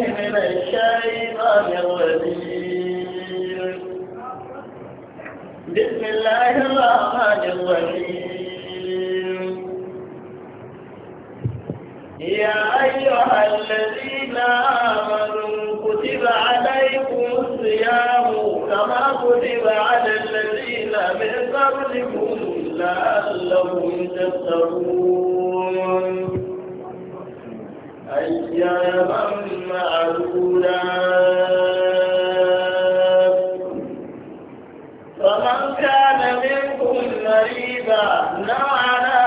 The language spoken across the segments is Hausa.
من الشيطان الرجيم بسم الله الرحمن الرحيم يا أيها الذين آمنوا كتب عليكم الصيام كما كتب على الذين من قبلكم لعلهم تتقون أياما معدودات فمن كان منكم مريضا نوعا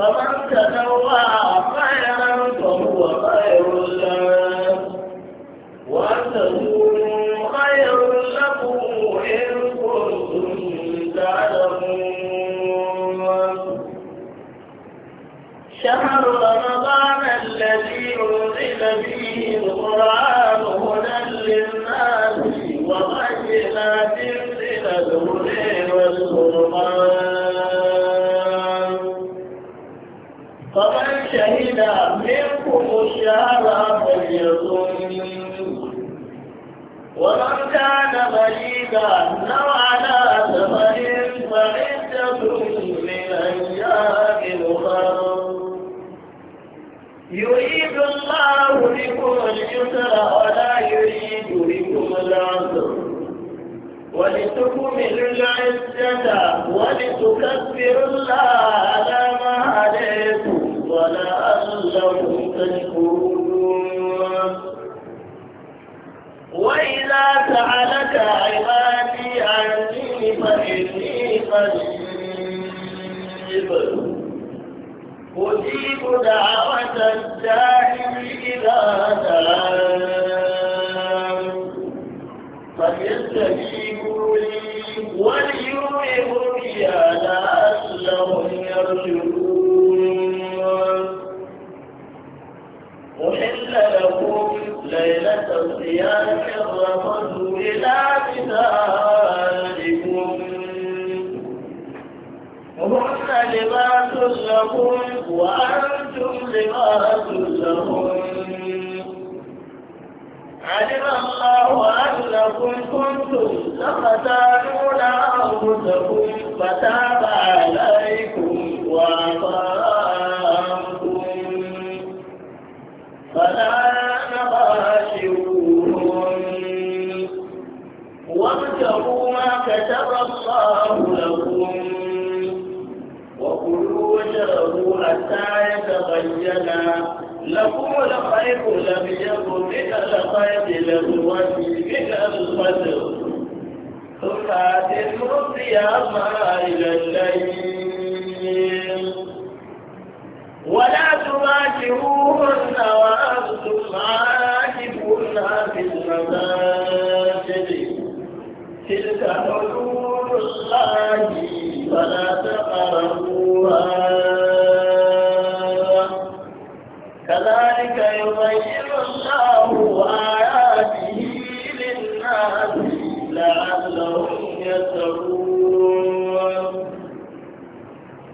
فمن تنوى خيرا فهو خير لنا وأن خير لكم إن كنتم تعلمون شهر رمضان الذي أنزل فيه القرآن هدى للناس وبينات من الهدى والفرقان النار فليصم ومن كان مريضا أو على سفر فعدة من أيام أخر يريد الله بكم اليسر ولا يريد بكم العسر ولتكملوا العزة ولتكبروا الله على ما هديكم ولعلهم تشكرون وإذا سألك عبادي عني فإني قريب أجيب دعوة الداعي إذا دعان فليستجيبوا لي وليؤمنوا بي لهم يرجعون أحل لكم ليلة الصيام الرفض إلى نسائكم هن لباس لكم وأنتم لباس لهم علم الله أنكم كنتم تختانون أنفسكم فتاب عليكم وعفى الله لكم وكلوا واشربوا حتى يتبين لكم الخير من الخير الاسود من الفجر ثم اتموا الصيام الى الليل ولا تباشروهن وانتم عاكفون في المساجد تلك حدود ولا تقربوها كذلك آياته للناس لعلهم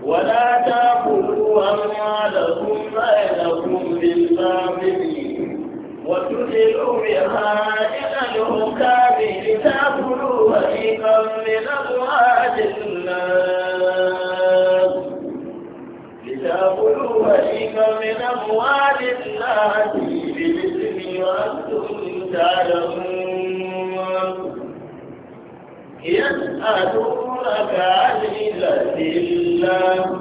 ولا تأكلوا أموالكم بينكم بالباطل وتدلوا بها إلى الركاب لتأكلوا فريقا من أموال الناس لتأكلوا فريقا من أموال الناس بالإثم وأنتم تعلمون يسألونك عن الأدلة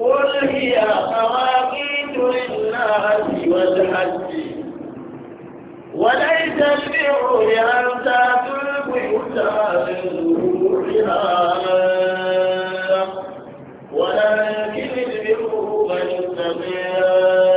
قل هي مواقيت للناس والحج وليس البر أن تأتوا البيوت من ظهورها ولكن البر من اتقى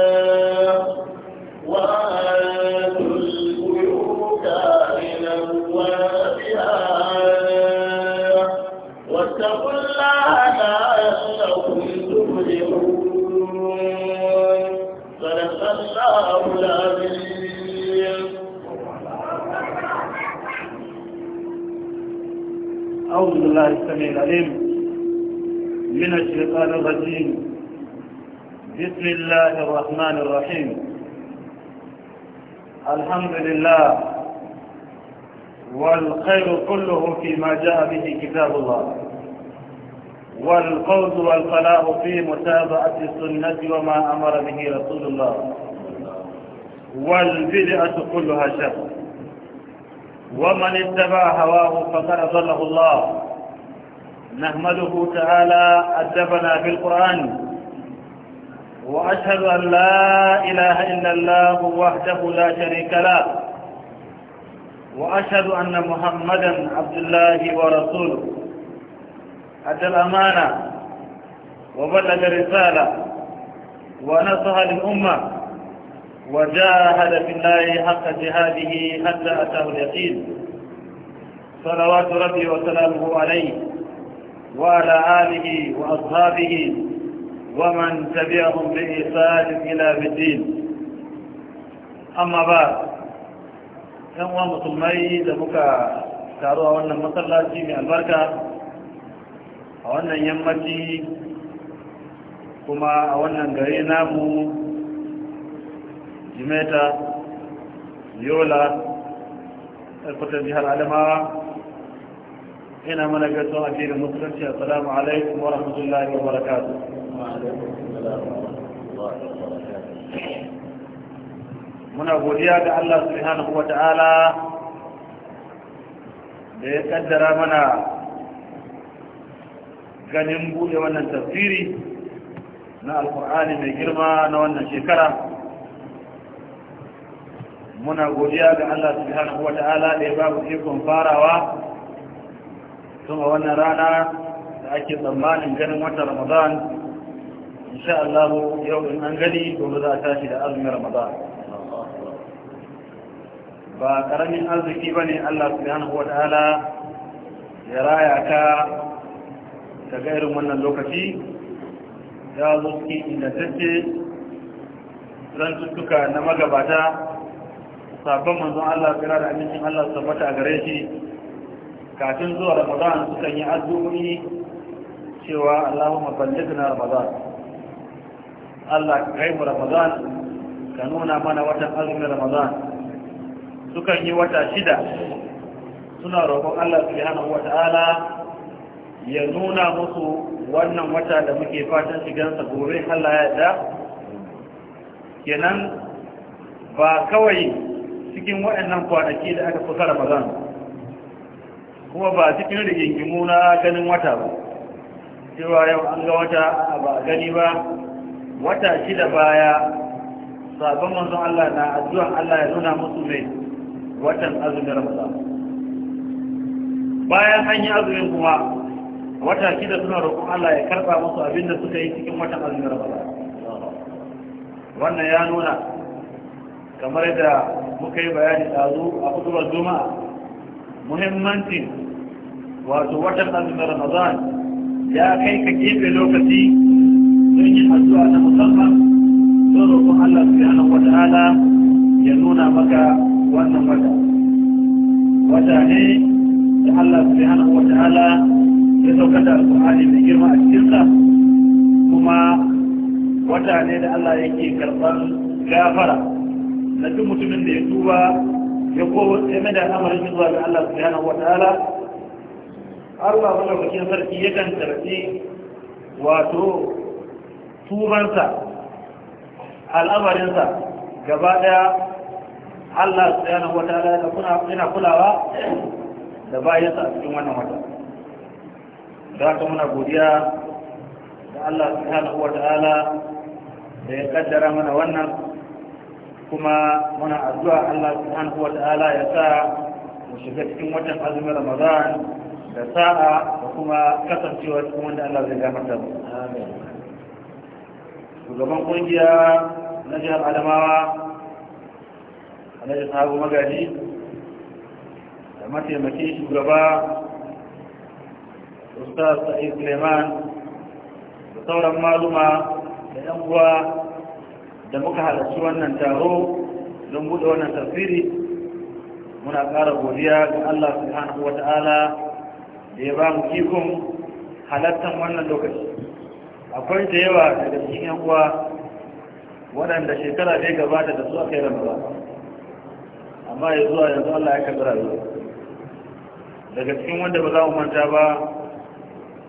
أعوذ بالله السميع العليم من الشيطان الرجيم بسم الله الرحمن الرحيم الحمد لله والخير كله فيما جاء به كتاب الله والفوز والفلاح في متابعة السنة وما أمر به رسول الله والبدعة كلها شر ومن اتبع هواه فقد أضله الله نحمده تعالى أدبنا بالقرآن وأشهد أن لا إله إلا الله وحده لا شريك له وأشهد أن محمدا عبد الله ورسوله أدى الأمانة وبلغ الرسالة ونصح للأمة وجاهد في الله حق جهاده حتى أتاه اليقين صلوات ربي وسلامه عليه وعلى آله وأصحابه ومن تبعهم بإيصال إلى الدين أما بعد كم مسلمي دمك taro أولا مطلع masallaci البركة أولا يمتي wannan yammaci kuma a wannan gare namu jimeta yola ɗarfatar jihar adamawa ina mana gaso a jirin musulunci assalamu alaikum wa rahmatullahi wa barakatu muna godiya ga Allah subhanahu wa ta'ala da ya kaddara mana ganin buɗe wannan tafsiri na alkur'ani mai girma na wannan shekara muna godiya ga Allah subhanahu wata'ala da ya babu ikon farawa tun a wannan rana da ake tsammanin ganin watan Ramadan insha Allah yau in an gani gobe za a tashi da azumin Ramadan ba karamin arziki ne Allah subhanahu wata'ala ya raya ka daga irin wannan lokaci ya zo cikin ingantacce zantuttuka na magabata sabon manzon Allah kira da amincin Allah tabbata a gare shi kafin zuwa Ramadan sukan yi azumi cewa Allahumma ballighna Ramadan Allah kai mu Ramadan ka nuna mana watan azumin Ramadan sukan yi wata shida suna roƙon Allah subhanahu wata'ala ya nuna musu wannan wata da muke fatan shigansa gobe Allah ya da kenan ba kawai cikin waɗannan kwanaki da aka kusa ramadan kuma ba cikin rigingimu na ganin wata ba cewa yau an ga wata ba gani ba wata shida baya sabon manzon Allah na addu'an Allah ya nuna musu mai watan azumin ramadan bayan an yi azumin kuma wata shida suna roƙon Allah ya karɓa musu abin da suka yi cikin watan azumin ramadan wannan ya nuna kamar da muka yi bayani ɗazu a kutubar juma'a muhimmancin wato watan azumin ramadan ya kai ka gefe lokaci don yin addu'a na musamman don roƙon allah subhanahu wa ta'ala ya nuna maka wannan wata wata ne da allah subhanahu wa ta'ala ya saukar da alƙur'ani mai girma a cikinsa kuma wata ne da allah yake karɓar gafara na duk mutumin da ya tuba ya kowa ya mai da al'amarin shi zuwa da Allah subhanahu wa ta'ala Allah wanda bakin sarki yakan tarfi wato tubansa al'amarinsa gaba daya Allah yana wata ta'ala da kuna ina kulawa da bayan a cikin wannan wata da haka muna godiya da Allah yana wata ta'ala da ya kaddara mana wannan kuma muna addu'a Allah subhanahu ta'ala ya sa mu shiga cikin watan azumin Ramadan da sa'a da kuma kasancewa cikin wanda Allah zai gafarta mu shugaban kungiya na jihar Adamawa Alhaji Sahabu Magaji da mataimakin shugaba Ustaz Sa'id Suleiman da sauran maluma da 'yan uwa da muka halarci wannan taro don bude wannan tafiri muna ƙara godiya ga Allah subhanahu wata'ala da ya ba mu ikon halartar wannan lokaci akwai da yawa daga cikin yan uwa waɗanda shekara ne gabata da su aka yi ramadan amma ya zuwa yanzu Allah ya karɓi rayuwa daga cikin wanda ba za mu manta ba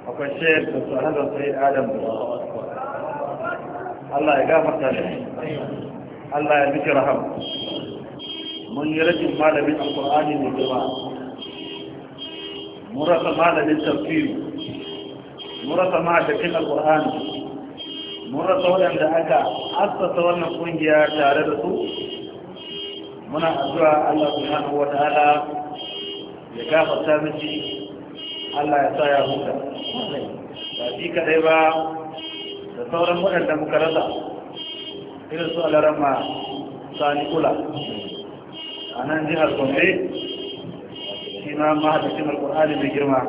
akwai shayar da su hadar sai adam ba Allah ya gafarta da Allah ya miki raham mun yi rajin malamin alkur'ani mai girma mun rasa malamin tafsiri mun rasa ma'adakin alkur'ani mun rasa waɗanda aka assasa wannan ƙungiya tare da su muna addu'a Allah subhanahu wa ta'ala ya gafarta miki Allah ya sa ya huta ba shi kadai ba da sauran waɗanda muka rasa irin su alarama sani kula a nan jihar gombe shi ma mahaifin alkur'ani mai girma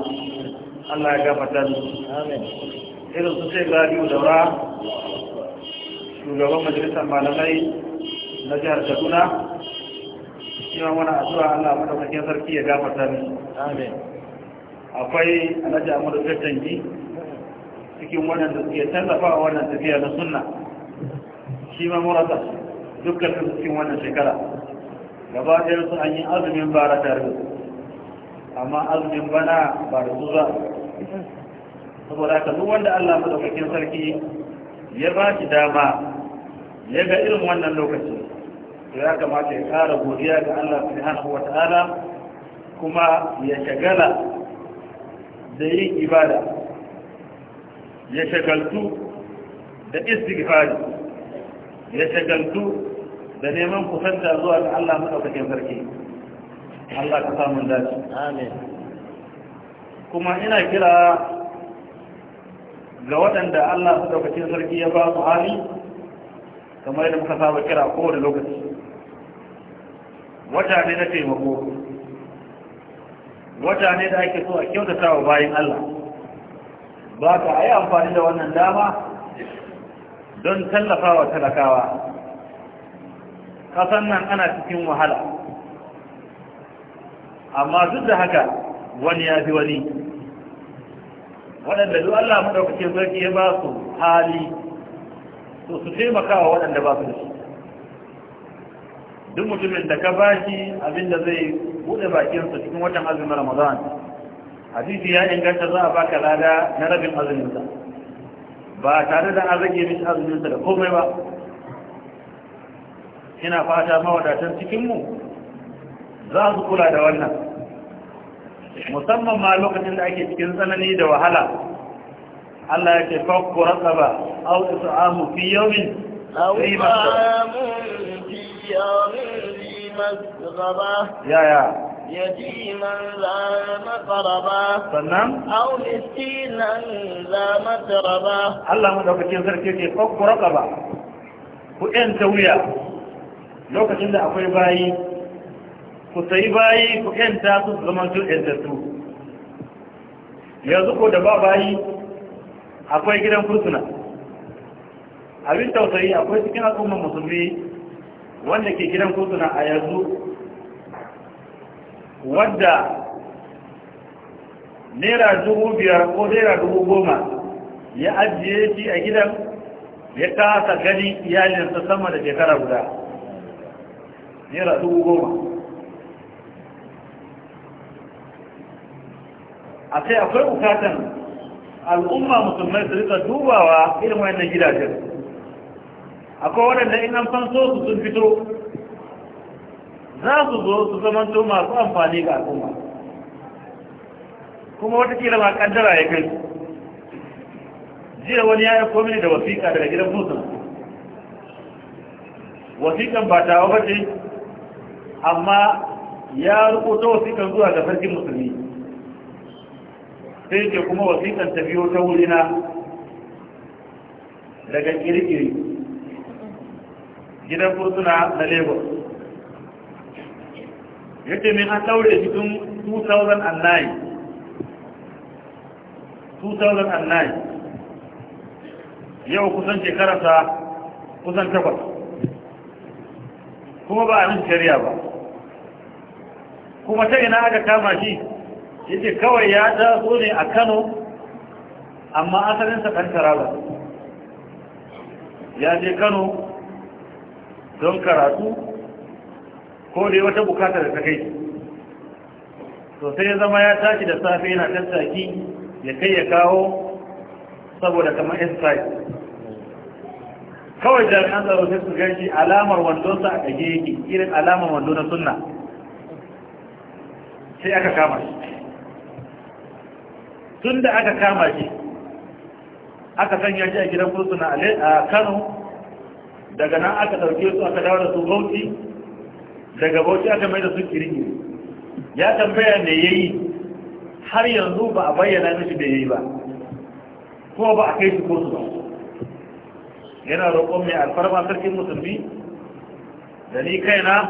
allah ya gafata su irin su sai da daura shugaban majalisar malamai na jihar kaduna shi ma wani addu'a allah madaukakin sarki ya gafata su akwai alhaji amadu tangi cikin waɗanda suke tallafa a wannan tafiya na sunna shi ma murata dukkan su cikin wannan shekara gaba ɗaya su an yi azumin bara tare amma azumin bana ba da su za saboda haka duk wanda Allah madaukakin sarki ya ba shi dama ya ga irin wannan lokaci to ya kamata ya ƙara godiya ga Allah subhanahu wa ta'ala kuma ya shagala da yin ibada ya shagaltu da istighfari ya shagaltu da neman kusanta zuwa ga Allah madaukakin sarki Allah ka samu dace amin kuma ina kira ga waɗanda Allah madaukakin sarki ya ba su hali kamar yadda muka saba kira kowane lokaci wata ne na taimako wata ne da ake so a kyautata wa bayan Allah ba ka a yi amfani da wannan dama don tallafawa talakawa kasan nan ana cikin wahala amma duk da haka wani ya fi wani waɗanda duk Allah maɗaukacin zarki ya ba su hali to su taimaka wa waɗanda ba su shi duk mutumin da ka ba shi abinda zai buɗe bakinsa cikin watan azumin ramadan hadisi ya inganta za a baka lada na rabin azuminsa ba tare da an rage mishi azuminsa da komai ba ina fata mawadatan cikinmu za su kula da wannan musamman ma lokacin da ake cikin tsanani da wahala Allah ya ce fakku ba, au isa'amu fi yawmin sai ba ya ya يتيما ذا مقربة سنم أو مسكينا ذا متربة الله مدعوك تنزل Allah فوق تويا باي ku bayi ku su zaman yanzu ko da akwai gidan abin tausayi akwai cikin al'ummar musulmi wanda ke gidan kotuna a yanzu wadda naira dubu biyar ko naira dubu goma ya ajiye shi a gidan ya kasa gani iyalinsa sama da shekara guda naira dubu goma a kai akwai bukatan al'umma musulmai su rika dubawa irin wayannan gidajen akwai waɗanda in an fanso su sun fito za su zo su zama to masu amfani ga al'umma kuma watakila ma kaddara ya kai jiya wani ya yi komini da wasiƙa daga gidan musul wasiƙan ba ta wa ce amma ya rubuta wasiƙan zuwa ga sarkin musulmi sai ke kuma wasiƙan ta biyo ta wurina daga kirkiri gidan fursuna na lagos ya ce min an daure shi tun 2009 yau kusan shekararsa kusan takwas kuma ba a nufin shari'a ba kuma ta ina aka kama shi ya ce kawai ya taso ne a kano amma asalinsa ɗan taraba ya je kano don karatu ko dai wata bukata da ta kai to sai ya zama ya tashi da safe yana tattaki ya kai ya kawo saboda kamar insight kawai an tsaro sai su gaji alamar wando sa a ɗage yake irin alamar wando na sunna sai aka kama shi tun da aka kama shi aka sanya shi a gidan fursuna a kano daga nan aka ɗauke su aka dawo da su bauchi daga bauchi aka mai da su kirgi ya tambaya ne ya yi har yanzu ba a bayyana mishi da ya yi ba kuma ba a kai shi su ba yana roƙon mai alfarma sarkin musulmi da ni kaina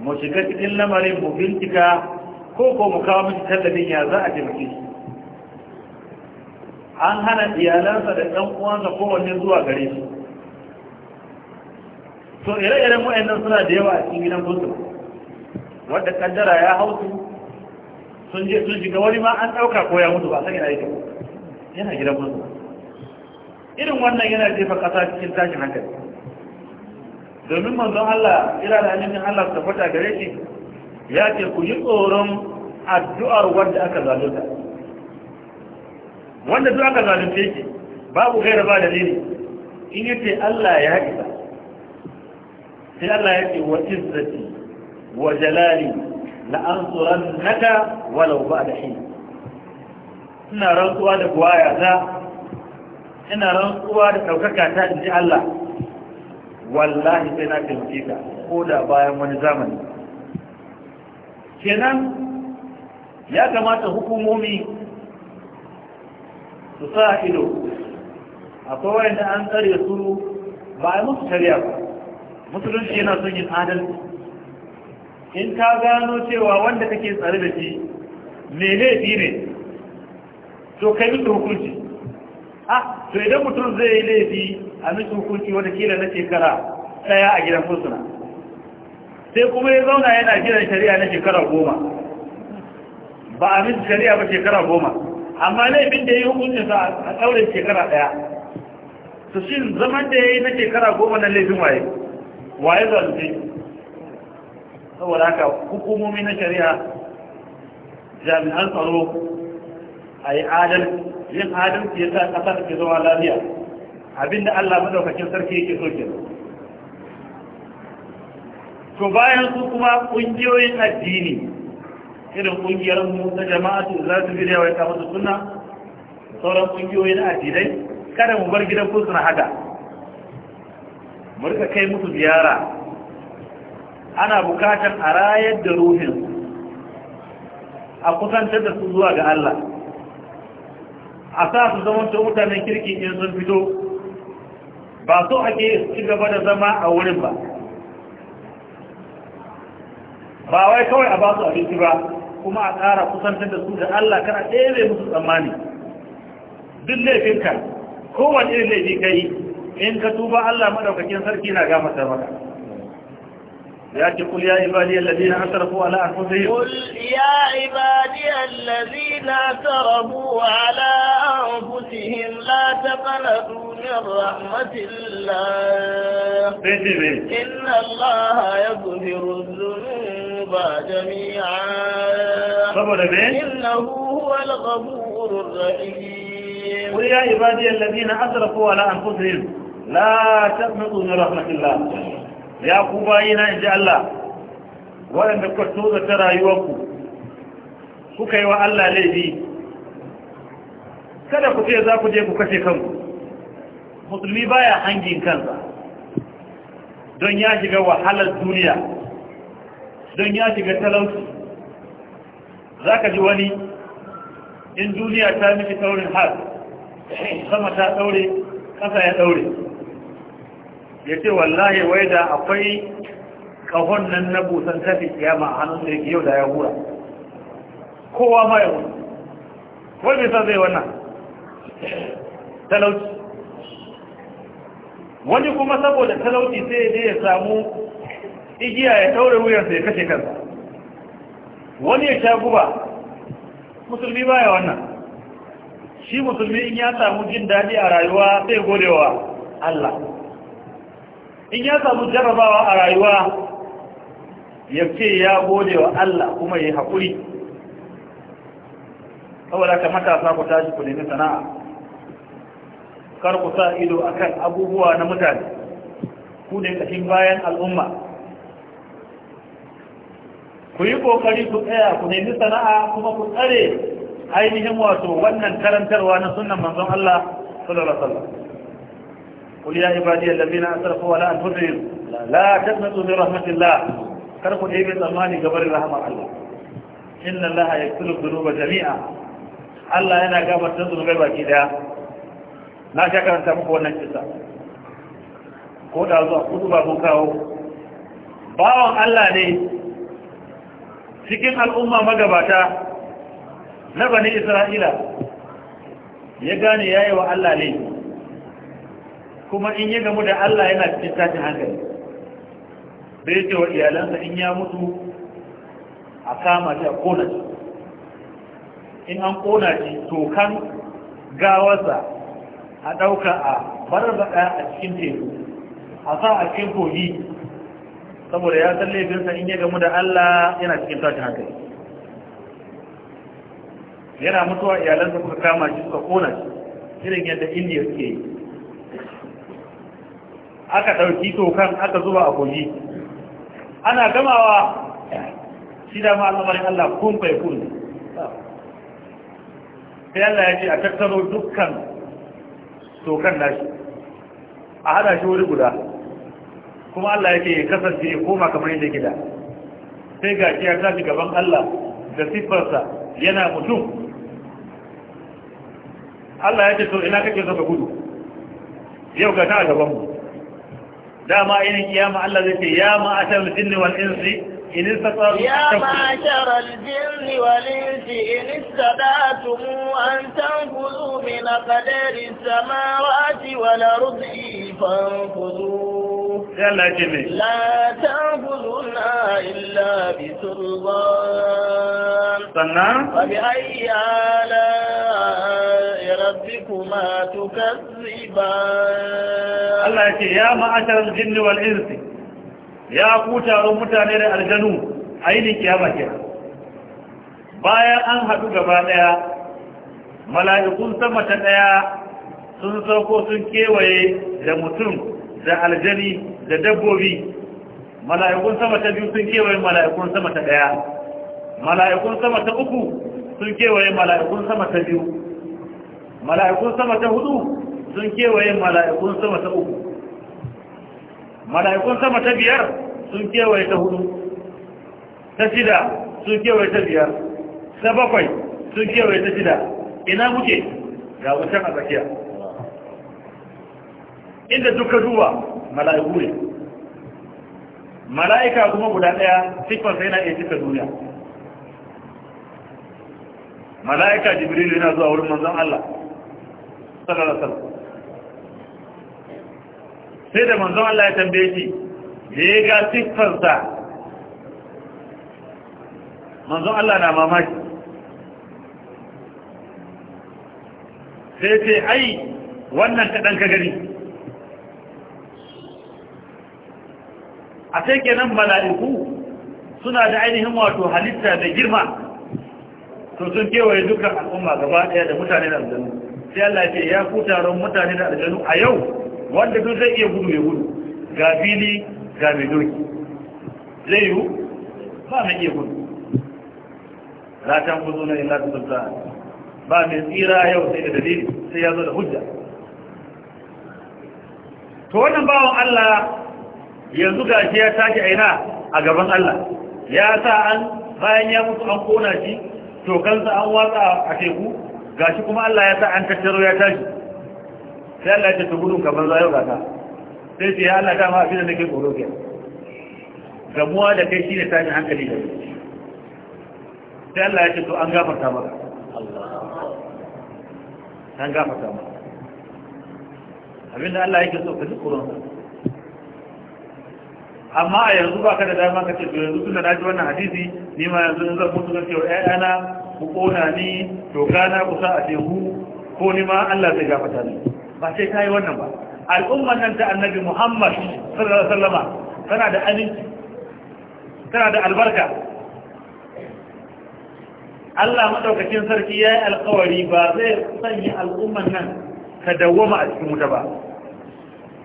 mu shiga cikin lamarin mu bincika ko ko mu kawo miki tallafin ya za a taimake shi an hana iyalansa da ɗan uwansa kowanne zuwa gare su to ire-iren wa'annan suna da yawa a cikin gidan mutum wadda kaddara ya hau su sun je sun shiga wani ma an ɗauka ko ya mutu ba sai yana yi yana gidan mutum irin wannan yana jefa ƙasa cikin tashin hankali domin manzon Allah ira da hannun Allah su tabbata gare shi ya ce ku yi tsoron addu'ar wanda aka zalunta wanda duk aka zalunce shi babu gaira ba dalili in yace Allah ya isa sai Allah ya ce wa izzati wa jalali la ansurannaka walau ba'da hin ina rantsuwa da buwaya ta ina rantsuwa da daukaka ta inji Allah wallahi sai na taimake ka ko da bayan wani zamani kenan ya kamata hukumomi su sa ido akwai wanda an tsare su ba a musu shari'a ba musulunci yana son yin adalci in ka gano cewa wanda kake tsare da shi me laifi ne to kai mutu hukunci A ah, to idan mutum zai yi laifi a mutu hukunci wata kila na shekara daya a gidan fursuna sai kuma ya zauna yana gidan shari'a na shekara goma ba a mutu shari'a ba shekara goma amma laifin da ya yi sa a tsaurin shekara daya to shi zaman da ya yi na shekara goma na laifin waye waye zalunce saboda haka hukumomi na shari'a jami'an tsaro a yi adalci yin adalci ya sa ƙasa ke zama lafiya abinda Allah madaukakin sarki yake so ke to bayan su kuma ƙungiyoyin addini irin ƙungiyar mu ta jama'atu za su bi da yawa ya kama su sunna sauran ƙungiyoyin addinai kada mu bar gidan kusur haka mu rika kai musu ziyara ana bukatar a rayar da ruhin a kusantar da su zuwa ga Allah a sa su zama ta mutanen kirki in sun fito ba so ake ci gaba da zama a wurin ba ba wai kawai a ba su abinci ba kuma a ƙara kusantar da su da Allah kana ɗaya musu tsammani duk laifinka kowane irin laifi ka yi in ka tuba Allah madaukakin sarki na gafarta maka ya ce kul ya ibadi alladhina asrafu ala anfusihim kul ya ibadi alladhina asrafu ala anfusihim la taqnatu min rahmatillah inna Allah yaghfiru dhunuba jami'a saboda me innahu huwal ghafurur rahim kul ya ibadi alladhina asrafu ala anfusihim la taqnutu min rahmatullah. ya ku bayina inji Allah waɗanda kuka toza ta rayuwarku kuka yi wa Allah laifi kada ku ce za ku je ku kashe kanku musulmi baya hangin kansa don ya shiga wahalar duniya don ya shiga talauci za ka ji wani in duniya ta miki taurin har sama ta daure ƙasa ya daure ya ce wallahi wai da akwai kahon nan na busan tafi kiyama a hannun da yau da ya hura kowa ma yau wani wani sa zai wannan talauci wani kuma saboda talauci sai dai ya samu igiya ya taure wuyansa ya kashe kansa wani ya sha guba musulmi baya wannan shi musulmi in ya samu jin daɗi a rayuwa sai godewa Allah in ya samu jarrabawa a rayuwa ya ce ya gode wa Allah kuma ya haƙuri saboda ka matasa ku tashi ku nemi sana'a kar ku sa ido akan abubuwa na mutane ku ne kashin bayan al'umma ku yi kokari ku tsaya ku nemi sana'a kuma ku tsare ainihin wato wannan karantarwa na sunan manzon Allah sallallahu alaihi wasallam قل يا عبادي الذين أسرفوا على أنفسهم لا تقنطوا من رحمة الله كركوا إيبي الأماني قبر رحمة الله إن الله يكتل الذنوب جميعا الله أنا قابل تنظر غيبا كده na sha karanta muku wannan kisa ko da zuwa kudu ba kun kawo bawan Allah ne cikin al'umma magabata na bani Isra'ila ya gane yayi wa Allah ne kuma in ya gamu da Allah yana cikin tashin hankali da ya ce wa iyalansa in ya mutu a kama shi a kona shi in an kona shi tokan gawarsa a ɗauka a barbaɗa a cikin teku a sa a cikin kogi saboda ya san laifinsa in ya gamu da Allah yana cikin tashin hankali yana mutuwa iyalansa kuka kama shi suka kona shi irin yadda indiya suke yi aka ɗauki tokan aka zuba a kogi ana gamawa shi da ma al'amarin Allah kun bai kun sai Allah ya ce a tattaro dukkan tokan nashi a hada shi wuri guda kuma Allah ya ce ya kasance ya koma kamar yadda gida sai ga shi ya tafi gaban Allah da siffarsa yana mutum Allah ya ce to ina kake zaba gudu yau ga ta a gabanmu دام يا ما يا ما أشر الجن والإنس إن استطعت يا ما أشر الجن والإنس إن استطعتم أن تنفذوا من قدر السماوات والأرض فانفذوا ya laji ne. La ta gudu Allah ya ce, ya ma'ashirar jinni wal ya ku taron mutane da aljanu a yi ninki ya Bayan an haɗu gaba ɗaya, mala'ikun sama ta ɗaya sun sauko sun kewaye da mutum da aljani da dabbobi mala'ikun sama ta biyu sun kewaye mala'ikun sama ta daya mala'ikun sama ta uku sun kewaye mala'ikun sama ta biyu mala'ikun sama ta hudu sun kewaye mala'ikun sama ta uku mala'ikun sama ta biyar sun kewaye ta hudu ta shida sun kewaye ta biyar ta bakwai sun kewaye ta shida ina muke ga wutan a tsakiya inda duka duba mala'iku ne mala'ika kuma guda ɗaya sai yana iya cika duniya mala'ika jibrilu yana zuwa wurin manzon Allah sallallahu alaihi wasallam sai da manzon Allah ya tambaye shi da ya ga siffarsa manzon Allah na mamaki sai ce ai wannan kaɗan ka gani a sai kenan mala'iku suna da ainihin wato halitta da girma to sun kewaye dukkan al'umma gaba ɗaya da mutane da aljanu sai Allah ce ya ku taron mutane da aljanu a yau wanda duk zai iya gudu ya gudu ga fili ga mai doki zai yiwu ba mai iya gudu ratan guzo na illa sulta ba mai tsira yau sai da dalili sai ya zo da hujja to wannan bawan Allah yanzu gashi ya tashi aina a gaban Allah ya sa an bayan ya mutu an kona shi to kansa an watsa a teku gashi kuma Allah ya sa an tattaro ya tashi sai Allah ya ce gudun kamar zayo ta sai ce ya Allah dama abin da nake tsoro ke gamuwa da kai shi ne tashi hankali da sai Allah ya ce to an gafarta maka an gafarta maka abinda Allah yake so ka ji tsoron amma a yanzu ba ka da dama ka ce to yanzu tun da na ji wannan hadisi ni ma yanzu zan mutu zan ce wa ƴaƴana ku ƙona ni to gana kusa a teku ko ni ma Allah zai gafata ni ba sai ka yi wannan ba Al'ummar nan ta annabi Muhammad sallallahu alaihi wasallama tana da aminci tana da albarka Allah madaukakin sarki ya yi alkawari ba zai sanya al'ummar nan ka dawwama a cikin wuta ba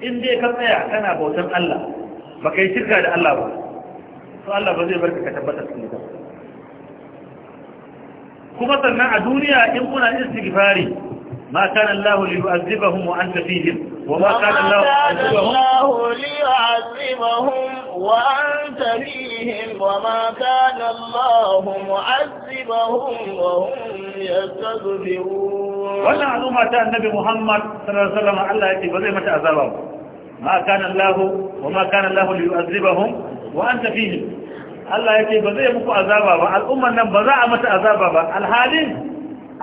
in dai ka tsaya kana bautan Allah ba yi shirka da Allah ba su Allah ba zai barka ka tabbata cikin ba kuma sannan a duniya in kuna istighfari ma kana Allah li yu'azzibahum wa anta fihim wa ma kana Allah li yu'azzibahum wa anta fihim wa ma kana Allah mu'azzibahum wa hum yastaghfirun wannan azuma ta annabi Muhammad sallallahu alaihi wasallam Allah yake ba zai mata azaba ba ma kana Allah wa ma kana Allah li yu'azzibahum wa anta fihim Allah yake ba zai muku azaba ba al'umman nan ba za a mata azaba ba alhalin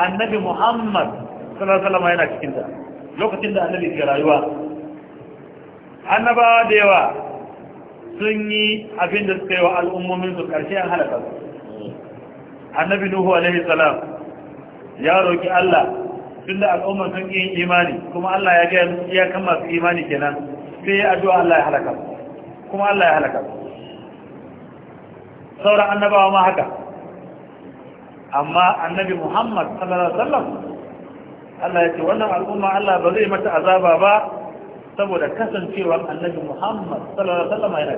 annabi Muhammad sallallahu alaihi wasallam yana cikin ta lokacin da annabi ke rayuwa annabawa da yawa sun yi abin da suka yi wa al'ummomin su karshe an halaka annabi Nuhu alaihi salam ya roki Allah tunda al'umma sun yi imani kuma Allah ya ga ya kan masu imani kenan sai ya addu'a Allah ya halaka kuma Allah ya halaka sauran annabawa ma haka amma annabi Muhammad sallallahu alaihi wasallam Allah ya ce wannan al'umma Allah ba zai mata azaba ba saboda kasancewa annabi Muhammad sallallahu alaihi wasallam yana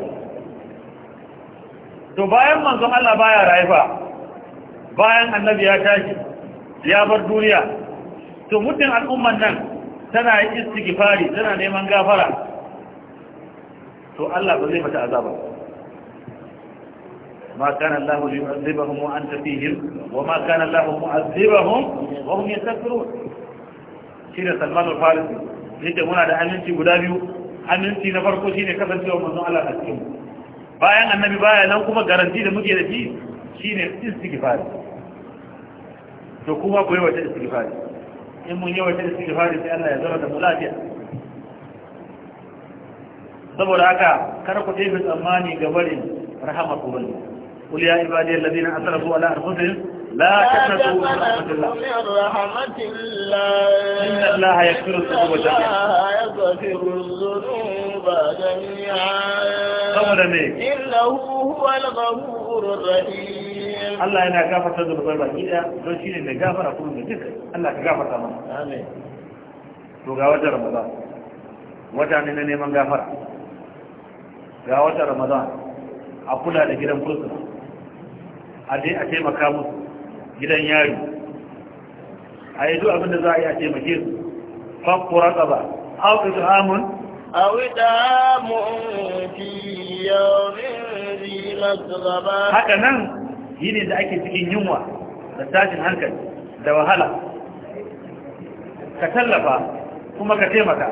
to bayan manzon Allah baya rayuwa bayan annabi ya tashi ya bar duniya to muddin al'umman nan tana istighfari tana neman gafara to Allah ba zai mata azaba ma kana Allah yu'azibuhum wa anta fihim wa ma kana Allah mu'azibuhum wa hum yastaghfirun shine Salman al-Farisi yake muna da aminci guda biyu aminci na farko shine kasancewa manzon Allah a cikin bayan annabi baya nan kuma garanti da muke da shi shine istighfar to kuma koyi wata istighfar in mun yi wata istighfar sai Allah ya zama da mu lafiya saboda haka kar ku tafi tsammani ga barin rahama ku bane qul ya ibadiyal ladina asrafu ala anfusihim la taqnatu min rahmatillah inna allaha yaghfiru dhunuba jami'a saboda me innahu huwal ghafurur rahim Allah yana gafarta zunubai baki daya don shi ne mai gafara kuma da duk. Allah ka gafarta mana amin to ga wata ramadan wata ne na neman gafara ga wata ramadan a kula da gidan fursuna a dai a taimaka musu gidan yari a yi duk abinda za a yi a taimake su fakkura tsaba. auki su amun a wita amun fi yawon zimatu gaba haka nan yi ne da ake cikin yunwa da tashin hankali da wahala ka tallafa kuma ka taimaka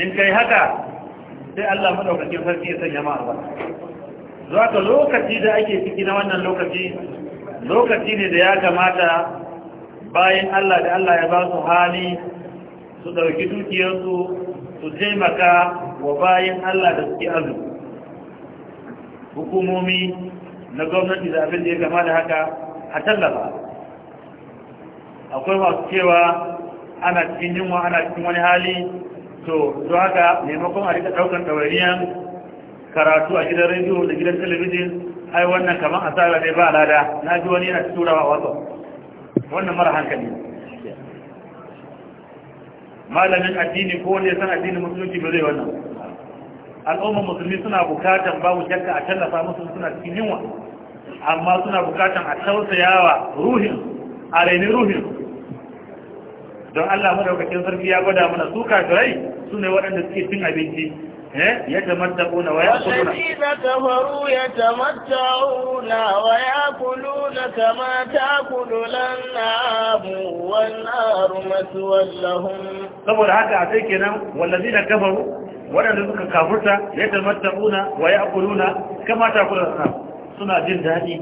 in kai haka sai Allah madaukakin sarki ya sanya ma ba. zuwa ka lokaci da ake ciki na wannan lokaci lokaci ne da ya kamata bayan Allah da Allah ya ba su hali su ɗauki dukiyarsu su taimaka wa bayan Allah da suke azu hukumomi na gwamnati da abin da ya gama da haka a tallafa akwai masu cewa ana cikin yunwa ana cikin wani hali to to haka maimakon a rika daukan dawariyan karatu a gidan rediyo da gidan television ai wannan kamar asara dai ba lada na ji wani yana turawa a wasu wannan mara hankali malamin addini ko wanda ya san addinin musulunci ba zai wannan al'ummar musulmi suna bukatan babu shakka a tallafa musu suna cikin yunwa amma suna bukatan a tausayawa ruhin a rainin ruhin don Allah madaukakin sarki ya gwada mana su kafirai su ne waɗanda suke cin abinci eh, ya tamatta kuna wa ya kulu na kama ta kulu lan namu wannan rumatu wallahun saboda haka a sai kenan wallazi na kafaru waɗanda suka kafurta ya tamatta kuna wa ya kulu suna jin daɗi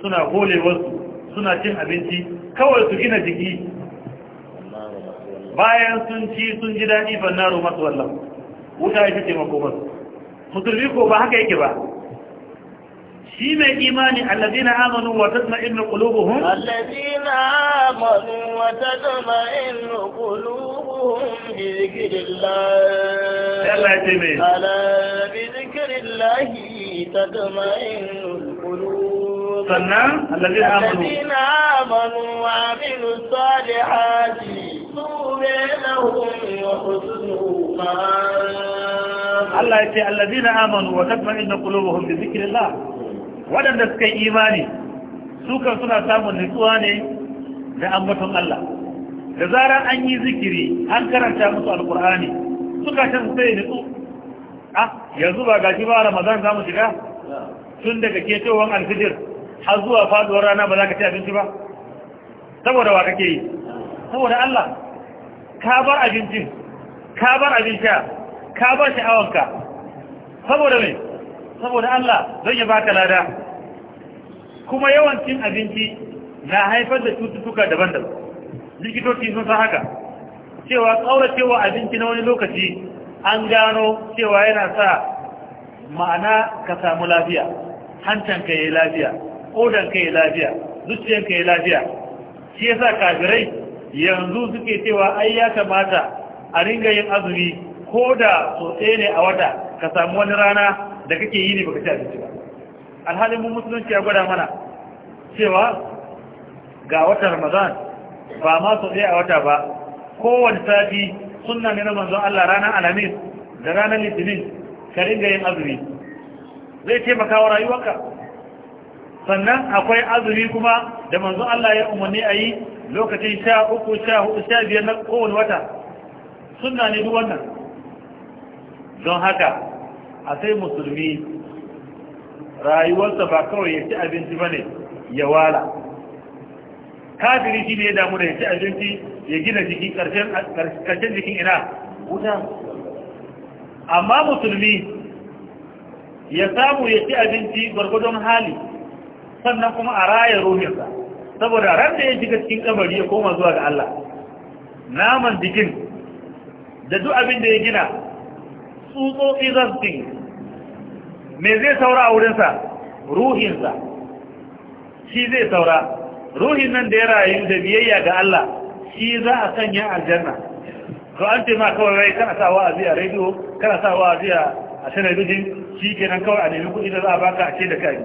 suna gole wasu suna cin abinci kawai su gina jiki bayan sun ci sun ji daɗi fannaru masu wallon wuta ita taimako makomar musulmi ko ba haka yake ba shi mai imani allazina amanu wa tatma'innu qulubuhum allazina amanu wa tatma'innu qulubuhum bi dhikrillah Allah ya ce mai ala bi dhikrillah tatma'innu qulub sannan allazina amanu wa amilu salihati Allah ya ce Allah allazina amonu wa tatma'innu da zikirin la, Waɗanda suka yi imani su suna samun nutsuwa ne da ambaton Allah da zarar an yi zikiri an karanta musu alqur'ani suka su yi nutsu ah yanzu ba gashi ba Ramadan mu shiga tun daga cewon alfijir har zuwa faduwar rana ba za ka ci abinci ba saboda wa kake yi saboda Allah ka bar abincin ka bar abin ka bar sha'awanka saboda mai saboda Allah zai ya baka lada kuma yawan cin abinci na haifar da cututtuka daban-daban likitoci sun san haka cewa cewa abinci na wani lokaci an gano cewa yana sa ma'ana ka samu lafiya hancanka ya yi lafiya odanka ya yi lafiya zuciyanka ya yi lafiya shi yasa kafirai yanzu suke cewa ai ya kamata a ringa yin azumi ko da so ne a wata ka samu wani rana da kake yi ne baka ci abinci ba alhalin mu musulunci ya gwada mana cewa ga watan ramadan ba ma so ɗaya a wata ba kowane sati suna ne na manzon Allah ranar alhamis da ranar litinin ka ringa yin azumi zai taimaka wa rayuwarka sannan akwai azumi kuma da manzo Allah ya umarni a yi lokacin sha uku sha hudu sha biyar na kowane wata suna ne duk wannan don haka a sai musulmi rayuwarsa ba kawai ya ci abinci ba ne ya wala kafiri shi ne ya damu da ya ci abinci ya gina jiki karshen jikin ina wuta amma musulmi ya samu ya ci abinci gwargwadon hali sannan kuma a raya ruhinsa saboda ran da ya shiga cikin kabari ya koma zuwa ga Allah naman jikin da duk abin da ya gina tsutso za me zai saura a wurinsa ruhinsa shi zai saura ruhin nan da ya rayu da biyayya ga Allah shi za a sanya aljanna to an ce ma kawai rai kana sa wa'azi a rediyo kana sa wa'azi a talabijin shi kenan kawai a nemi kuɗi da za a baka a ce da kai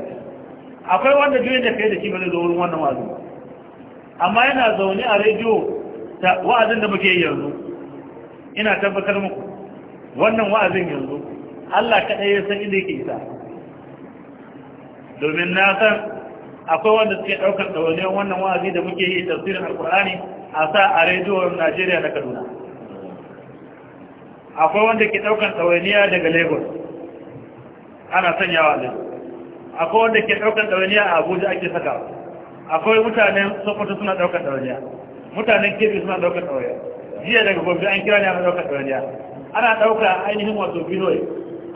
akwai wanda duk da kai da shi ba zai zo wurin wannan wazi amma yana zaune a rediyo ta wa'azin da muke yanzu ina tabbatar muku wannan wa'azin yanzu Allah kaɗai ya san inda yake isa domin na san akwai wanda suke ɗaukar ɗawainiyar wannan wa'azi da muke yi tafsirin alkur'ani a sa a rediyon najeriya na kaduna akwai wanda ke ɗaukar ɗawainiya daga lagos ana sanyawa lagos akwai wanda ke ɗaukar ɗawainiya a abuja ake saka akwai mutanen sokoto suna ɗaukar ɗawainiya mutanen kebe suna ɗaukar ɗawainiya jiya daga gobe an kira ne a ɗaukar ɗawainiya ana ɗauka ainihin wato binoy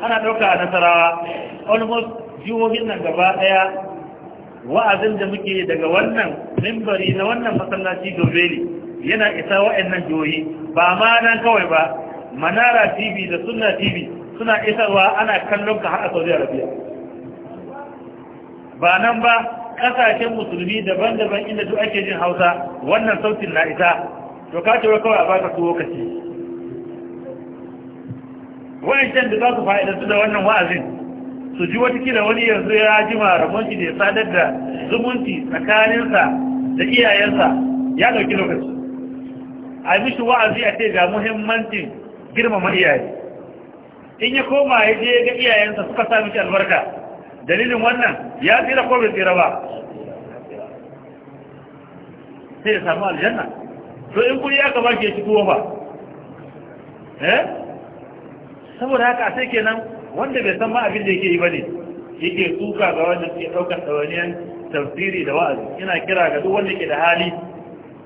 ana ɗauka a nasarawa almost jihohin nan gaba ɗaya wa'azin da muke daga wannan mimbari na wannan masallaci gobe ne yana isa wa'annan jihohi ba ma nan kawai ba manara tv da sunna tv suna isarwa ana kallon ka har a saudi arabia ba nan ba kasashen musulmi daban-daban inda duk ake jin hausa wannan sautin na ita, to ka ce kawai a baka tuwo ka ce wa'ancan da za su fa'idantu da wannan wa'azin su ji watakila wani yanzu ya ji shi da ya sadar da zumunci tsakaninsa da iyayensa ya ɗauki lokaci a shi wa'azi a ce ga muhimmancin girmama iyaye in ya koma ya je ga iyayensa suka sami shi albarka dalilin wannan ya tsira ko bai tsira ba sai ya samu aljanna to in kuri aka baki ya ci ba eh saboda haka sai kenan wanda bai san ma abin da yake yi bane yake tsuka ga wanda ke daukar dawaniyan tafsiri da wa'azi ina kira ga duk wanda ke da hali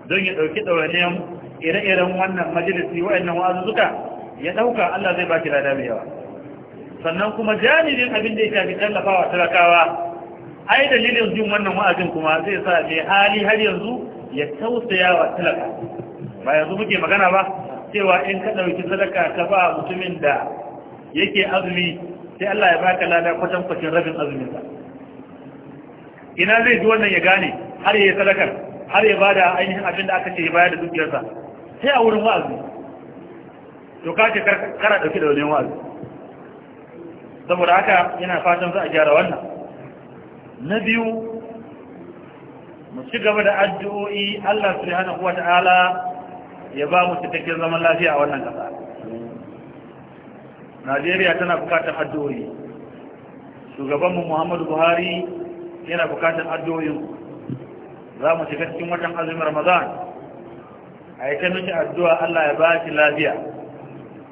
don ya dauki dawaniyan ire-iren wannan majalisi wa'annan suka ya dauka Allah zai baki lada mai yawa sannan kuma jami'in abin da ya shafi tallafawa talakawa ai dalilin jin wannan wa'azin kuma zai sa ne hali har yanzu ya tausaya wa talaka ba yanzu muke magana ba cewa in ka ɗauki sadaka ka ba mutumin da yake azumi sai Allah ya baka lada kwatan kwatan rabin azumin sa ina zai ji wannan ya gane har ya sadakar har ya bada ainihin abin da aka ce baya bayar da dukiyarsa sai a wurin wa'azi to ka ce kara ɗauki da wani wa'azi saboda haka yana fatan za a gyara wannan na biyu mu ci gaba da addu'o'i Allah subhanahu wa ta'ala ya ba mu cikakken zaman lafiya a wannan ƙasa Najeriya tana bukatar addu'o'i shugabanmu Muhammadu Buhari yana bukatar addu'o'in za mu shiga cikin watan azumi Ramadan a yi ta miki addu'a Allah ya ba shi lafiya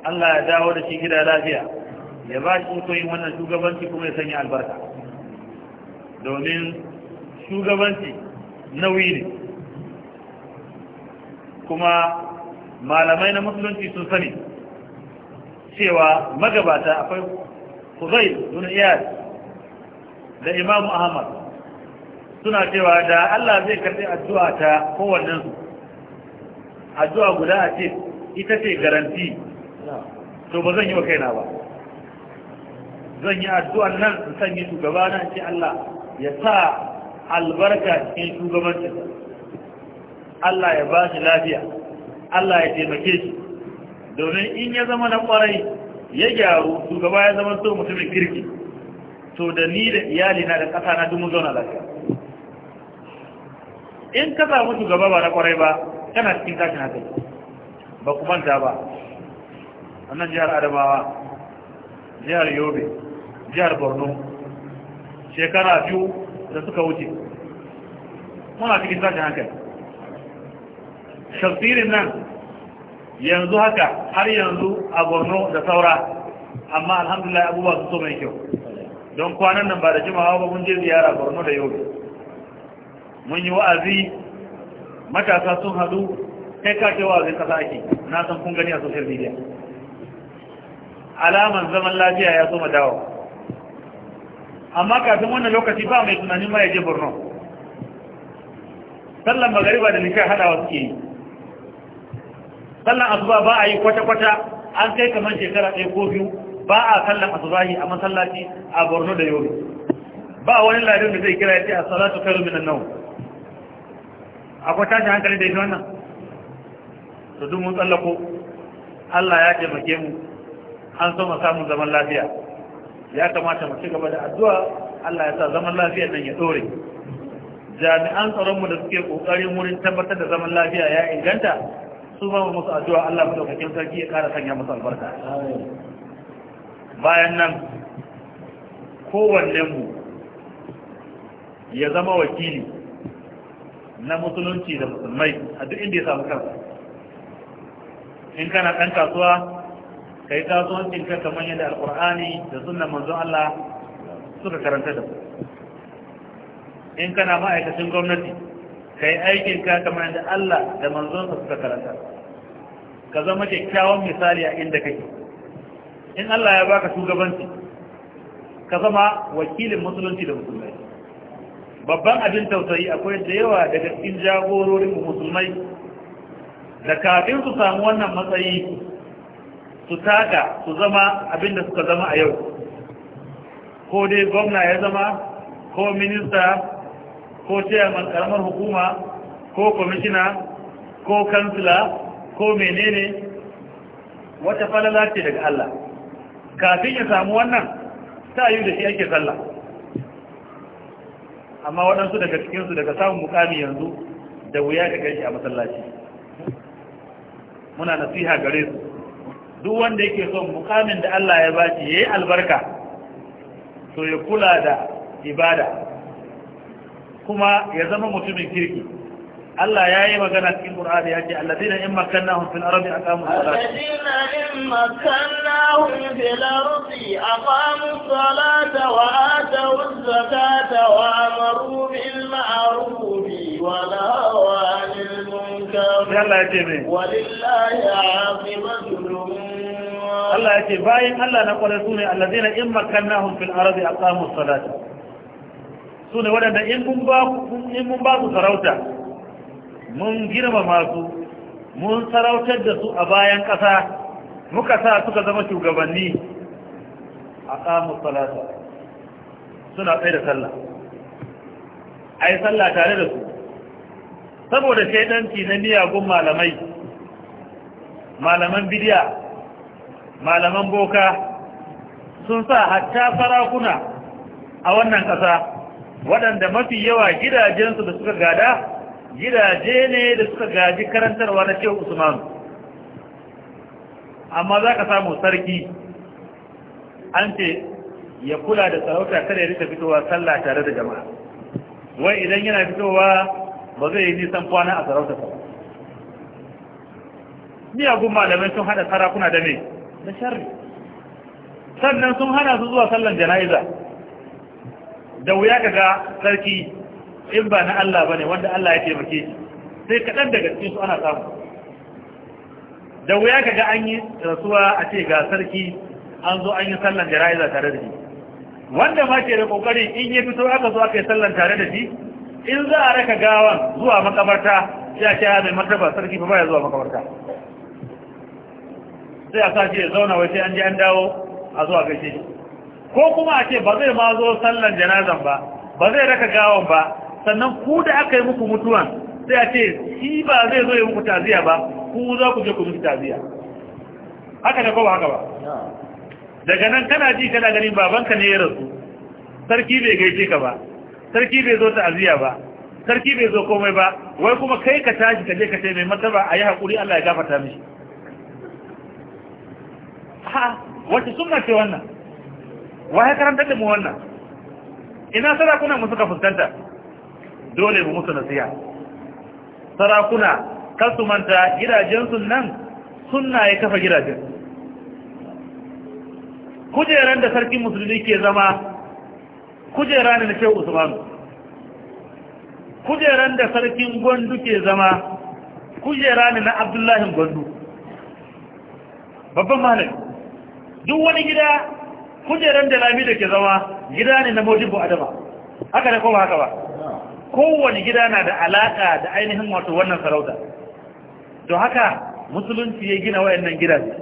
Allah ya dawo da shi gida lafiya ya ba shi yin wannan shugabanci kuma ya sanya albarka domin shugabanci nauyi ne kuma malamai na musulunci sun sani cewa magabata akwai kuzai sun iyad da imamu ahmad suna cewa da allah zai karbi addu'a ta su addu'a guda a ce ita ce garanti to ba zan yi wa kaina ba zan yi addu'an nan su sanya shugaba na ce Allah ya sa albarka cikin shugabancin Allah ya ba shi lafiya Allah ya taimake shi domin in ya zama na kwarai ya gyaru shugaba ya zama so mutumin kirki to da ni da iyali na da ƙasa na dumu zauna lafiya in ka samu shugaba ba na kwarai ba kana cikin tashin kai ba ku manta ba a nan jihar adamawa jihar yobe jihar borno shekara biyu da suka wuce muna cikin tashin hankali tafsirin nan yanzu haka har yanzu a borno da saura amma alhamdulillah abubuwa su so mai kyau don kwanan nan ba da jimawa ba mun je ziyara borno da yau mun yi wa'azi matasa sun hadu kai kake wa'azin kasa ake na san kun gani a social media alaman zaman lafiya ya so dawo amma kafin wannan lokaci ba mai tunanin ma ya je borno sallan magariba da nisha haɗawa suke yi sallan asuba ba a yi kwata-kwata an kai kamar shekara ɗaya ko biyu ba a sallan asubahi a masallaci a borno da yobe ba wani ladin da zai kira ya ce a salatu karu minan nau akwai shi hankali da fi wannan to duk mun tsallako Allah ya taimake mu an so mu samu zaman lafiya ya kamata mu ci gaba da addu'a Allah ya sa zaman lafiya nan ya dore jami'an tsaronmu da suke kokarin wurin tabbatar da zaman lafiya ya inganta su ba musu addu'a Allah madaukakin sarki ya kara sanya musu albarka bayan nan mu ya zama wakili na musulunci da musulmai a duk inda ya samu kansa in kana ɗan kasuwa kai kasuwancin ka kamar yadda alkur'ani da sunnan manzon Allah suka karanta da ku in kana ma'aikacin gwamnati kai aikin ka kamar yadda Allah da manzo sa suka karanta ka zama kyakkyawan misali a inda kake in Allah ya baka shugabanci ka zama wakilin musulunci da musulmai babban abin tausayi akwai da yawa daga cikin jagororin musulmai da kafin su samu wannan matsayi su taka su zama abinda suka zama a yau ko dai gwamna ya zama ko minista ko chairman karamar hukuma ko kwamishina ko kansila ko menene wata falala ce daga Allah kafin ya samu wannan ta yi da shi ake sallah amma waɗansu daga cikinsu daga samun mukami yanzu da wuya da gashi a masallaci muna nasiha gare su duk wanda yake son mukamin da Allah ya ba shi yayi albarka to ya kula da ibada kuma ya zama mutumin kirki الله يا ايما كانت في القرآن يا جي الذين اما كناهم في الارض اقاموا الصلاة الذين اما كناهم في الارض اقاموا الصلاة واتوا الزكاة وامروا بالمعروف ولا وعن المنكر يلا يا جي ولله عاقبة الامور الله يا جي باين الله نقول سوني الذين اما كناهم في الارض اقاموا الصلاة سوني ولا ان بمباكو ان بمباكو سراوتا mun girma masu mun sarautar da su a bayan ƙasa muka sa suka zama shugabanni a ƙamun salata suna tsaye da sallah a yi sallah tare da su saboda shaidanci na miyagun malamai malaman bidiya malaman boka sun sa hatta farakuna a wannan ƙasa waɗanda mafi yawa gidajensu da suka gada gidaje ne da suka gaji karantarwa na ce usman amma za ka samu sarki an ce ya kula da sarauta kada ya rika fitowa sallah tare da jama'a wai idan yana fitowa ba zai yi nisan kwana a sarauta ba miyagun malamai sun hada sarakuna da ne da sharri sannan sun hana su zuwa sallan jana'iza da wuya kaga sarki in ba na Allah ba ne, wanda Allah ya taimake shi sai kaɗan daga cikin su ana samu da wuya kaga an yi rasuwa a ce ga sarki an zo an yi sallan jana'iza tare da shi wanda ma ke da kokari in ya fito aka zo aka yi sallan tare da shi in za a raka gawan zuwa makabarta ya ce ya ah, mai martaba sarki ba ya zuwa makabarta sai a sashi ya zauna wai sai an je an dawo a zuwa gaishe shi ko kuma a ce ba zai ma zo sallan janazan ba ba zai raka gawan ba sannan ku da aka yi muku mutuwa sai a ce shi ba zai zo ya muku taziya ba ku za ku je ku muku taziya haka da kowa haka ba daga nan kana ji kana ganin babanka ne ya rasu sarki bai gaishe ka ba sarki bai zo ta'aziya ba sarki bai zo komai ba wai kuma kai ka tashi ka je ka ce mai mataba a yi haƙuri Allah ya gafarta mishi ha wace sunna ce wannan wa ya da mu wannan ina sarakunan mu suka fuskanta dole mu musu nasiha sarakuna kasu manta gidajensu nan sunna ya kafa gidajen kujeran da sarkin musulmi ke zama kujera ne na shehu usmanu kujeran da sarkin gwandu ke zama kujera ne na abdullahi gwandu babban Malam duk wani gida kujeran da lami da ke zama gida ne na mojibu adaba haka da kuma haka ba kowane gida na da alaka da ainihin wato wannan sarauta don haka musulunci ya gina wayannan gidaje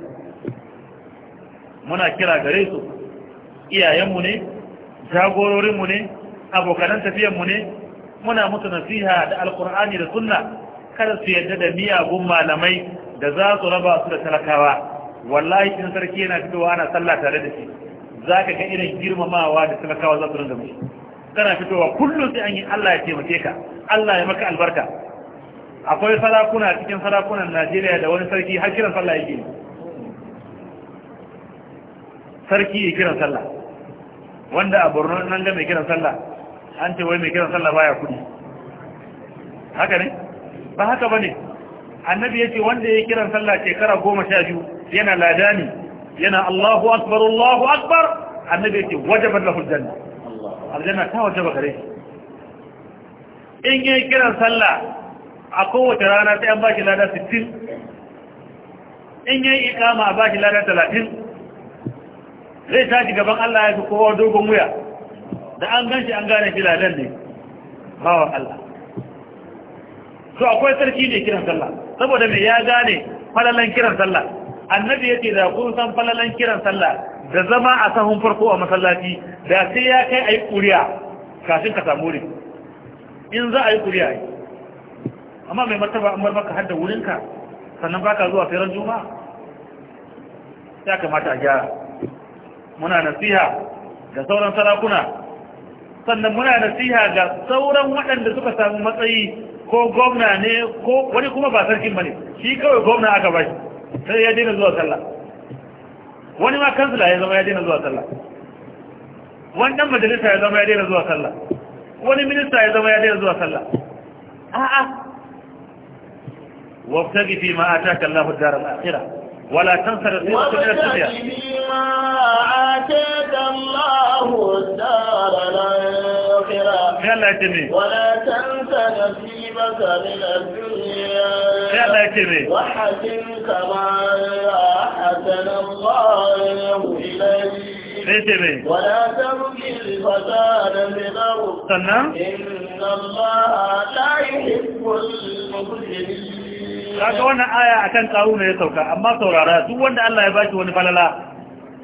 muna kira gare su iyayenmu ne jagororinmu ne abokanan tafiyanmu ne muna mutu nasiha da alkur'ani da sunna kada su yadda da miyagun malamai da za su raba su da talakawa wallahi in sarki yana fitowa ana sallah tare da shi za ka ga irin girmamawa da talakawa za su rinda mashi kana fitowa kullum sai an yi Allah ya taimake ka Allah ya maka albarka akwai sarakuna cikin sarakunan Najeriya da wani sarki har kiran sallah yake sarki ya kiran sallah wanda a Borno nan ga mai kiran sallah an ce wai mai kiran sallah baya kudi haka ne ba haka bane annabi yace wanda ya kiran sallah shekara 12 yana ladani yana Allahu akbar Allahu akbar annabi yace wajabat lahu janna aljanna ta wata bakare in yi kiran sallah a kowace rana sai an ba shi lada 60 in yi ikama a ba shi lada 30 zai tashi gaban Allah ya fi kowa dogon wuya da an gan shi an gane shi ladan ne bawan Allah to akwai sarki ne kiran sallah saboda mai ya gane falalan kiran sallah annabi yake da kun san falalan kiran sallah da zama a sahun farko a masallaci da sai ya kai ayi kuriya kafin ka samu wurin in za a yi kuriya yi amma mai martaba an bar maka hadda wurinka sannan baka zuwa firan Juma? ya kamata a gyara muna nasiha ga sauran sarakuna sannan muna nasiha ga sauran waɗanda suka samu matsayi ko gwamna ne ko wani kuma ba sarkin ba ne shi kawai gwamna aka bashi sai ya dina zuwa sallah wani ma kansila ya zama ya dina zuwa sallah wani dan majalisa ya zama ya dina zuwa sallah wani minista ya zama ya dina zuwa sallah a'a wabtagi fi ma ataka Allahu daral akhirah ولا تنسى نصيبك من الدنيا بما آتاك الله الدار الآخرة ولا تنسى نصيبك من الدنيا وحسن كما حسن الله إليك ولا تبكي الفتاة في إن الله لا يحب المفسدين kaga wannan aya akan karuna ya sauka amma saurara duk wanda Allah ya bashi wani falala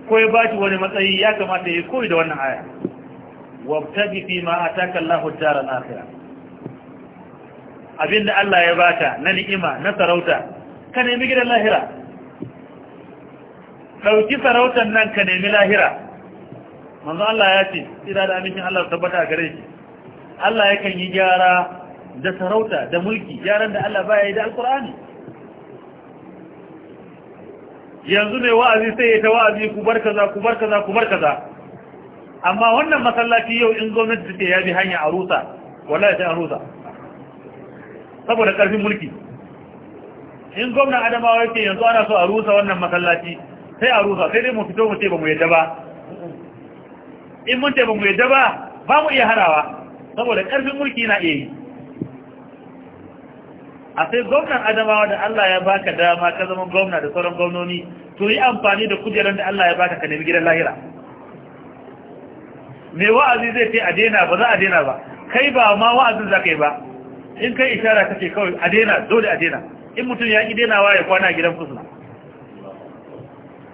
ko ya bashi wani matsayi ya kamata ya koyi da wannan aya wabtabi fi ma ataka Allahu ad al-akhirah abinda Allah ya bata na ni'ima na sarauta ka nemi gidan lahira dauki sarautan nan ka nemi lahira manzo Allah ya ce tsira da amincin Allah tabbata gare shi Allah yakan yi gyara da sarauta da mulki yaran da Allah baya yi da alkur'ani yanzu mai wa'azi sai ya ta wa'azi ku bar kaza ku bar kaza ku bar kaza amma wannan masallaci yau in gwamnati take ya bi hanya a rusa wallahi sai an rusa saboda karfin mulki in gwamnan adamawa yake yanzu ana so a rusa wannan masallaci sai a rusa sai dai mu fito mu ce ba mu yadda ba in mun ce ba mu yadda ba ba mu iya harawa saboda karfin mulki na iya yi a sai gwamnan adamawa da Allah ya baka dama ka zama gwamna da sauran gwamnoni to yi amfani da kujerar da Allah ya baka ka nemi gidan lahira mai wa'azi zai ce a daina ba za a daina ba kai ba ma wa'azin za ka yi ba in kai ishara ka ce kawai a daina dole a daina in mutum ya ƙi dainawa ya kwana gidan fusna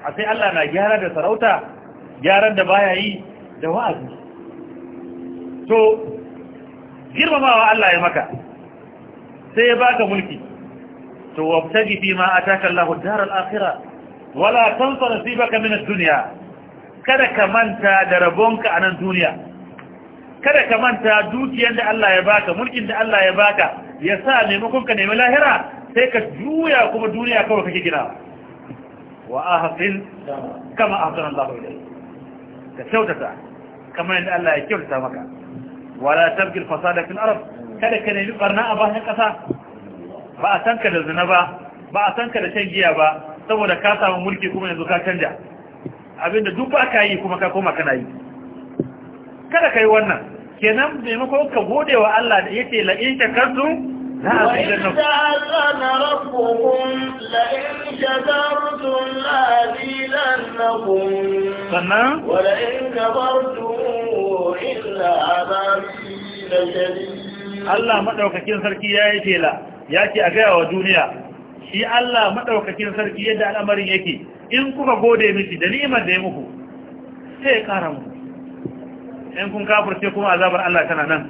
a sai Allah na gyara da sarauta gyaran da baya yi da wa'azi to girmamawa Allah ya maka sai ya baka mulki to wabtaji fi ma ataka Allahu daral akhirah wala tansa nasibaka min ad-dunya kada ka manta da rabonka a nan duniya kada ka manta dukiyar da Allah ya baka mulkin da Allah ya baka ya sa maimakon ka nemi lahira sai ka juya kuma duniya kawai kake gina wa ahsin kama ahsana Allah ilayka ka kyautata kamar yadda Allah ya kyautata maka wala tabghi fasada fil ardh kada ka nemi barna a bayan ƙasa ba a san ka da zina ba ba a san ka da shan giya ba saboda ka samu mulki kuma yanzu ka canja abinda duk ba ka yi kuma ka koma kana yi kada ka yi wannan kenan maimakon ka gode wa Allah da yake la'in shakartum وإذا أذن ربكم لئن شكرتم لأزيدنكم ولئن كفرتم إلا عذابي لشديد Allah maɗaukakin sarki ya yi tela ya ce a gaya wa duniya shi Allah maɗaukakin sarki yadda al'amarin yake in kuka gode miki da ni'imar da ya muku sai ya ƙara muku in kun ce kuma azabar Allah tana nan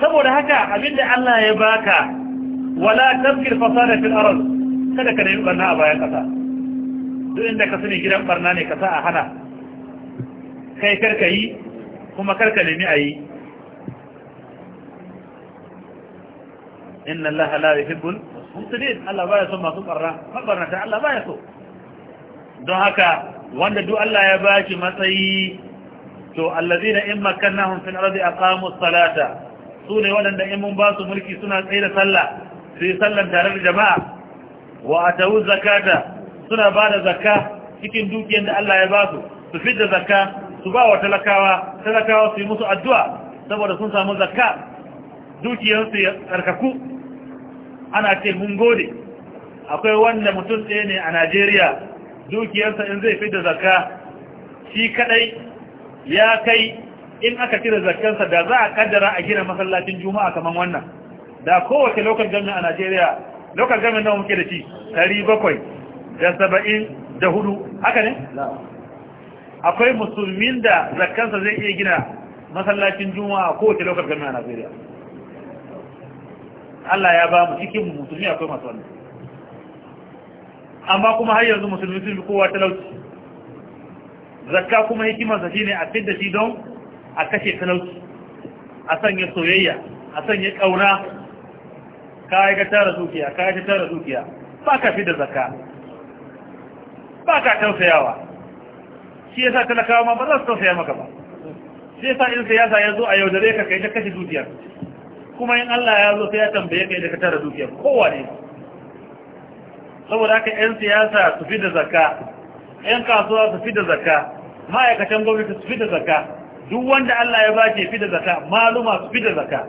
saboda haka abinda Allah ya baka wala tafkir fasada fil ard kada ka nemi barna a bayan kasa duk inda ka sani gidan barna ne ka a hana kai karka yi kuma karka nemi a yi inna allaha la yuhibbul mufsidin Allah baya son masu barna mabarnata Allah baya so don haka wanda duk Allah ya baki matsayi to allazina in makkannahum fil ardi aqamu as-salata sune wadanda in mun ba su mulki suna tsaye da sallah sai sallan tare da jama'a wa atawu zakata suna ba da zakka cikin dukiyar da Allah ya ba su su fidda zakka su ba wa talakawa talakawa su yi musu addu'a saboda sun samu zakka dukiyarsu ya karkaku ana ce mun gode akwai wanda mutum ɗaya ne a najeriya dukiyarsa in zai fi da zakka shi kadai ya kai in aka cire zakkansa da za a kaddara a gina masallacin juma'a kamar wannan da kowace lokal gamin a najeriya lokal gamin nawa muke da shi ɗari bakwai da saba'in da hudu haka ne akwai musulmin da zakkansa zai iya gina masallacin juma'a kowace lokal gamin a najeriya Allah ya ba mu cikin mu musulmi akwai masu wannan amma kuma har yanzu musulmi sun bi kowa talauci zakka kuma hikimarsa shine a fidda shi don a kashe talauci a sanya soyayya a sanya ƙauna, kai ka tara dukiya kai ka tara dukiya ba ka fidda zakka ba ka tausayawa shi yasa talakawa ma ba za su tausaya maka ba sai sa in siyasa ya zo a yaudare ka kai ta kashe dukiyar kuma in Allah ya zo sai ya tambaye kai da ka tara dukiya kowa ne saboda haka 'yan siyasa su fi da zakka 'yan kasuwa su fi da zakka ma'aikatan gwamnati su fi da zakka duk wanda Allah ya bace fi da zakka maluma su fi da zakka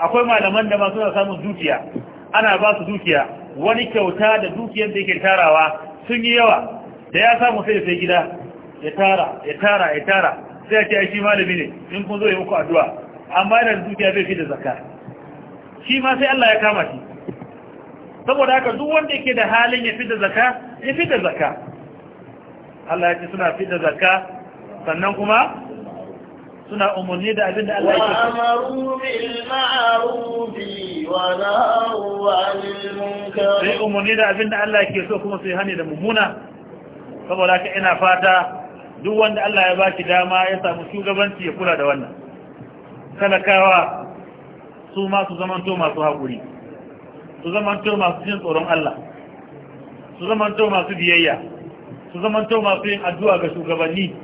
akwai malaman da ma suna samun dukiya ana ba su dukiya wani kyauta da dukiyar da yake tarawa sun yi yawa da ya samu sai sai gida ya tara ya tara ya tara sai ya ce shi malami ne in kun zo ya muku addu'a amma yana da dukiya zai fi da zakka shi ma sai Allah ya kama shi saboda haka duk wanda yake da halin ya da zakka ya da zakka Allah ya ce suna da zakka sannan kuma suna umarni da abin da Allah ya ce amaru bil ma'rufi wa nahu 'anil munkar sai umarni da abin da Allah yake so kuma sai hani da mummuna saboda haka ina fata duk wanda Allah ya baki dama ya samu shugabanci ya kula da wannan talakawa su ma su to masu haƙuri su to masu jin tsoron Allah su to masu biyayya su to masu yin addu'a ga shugabanni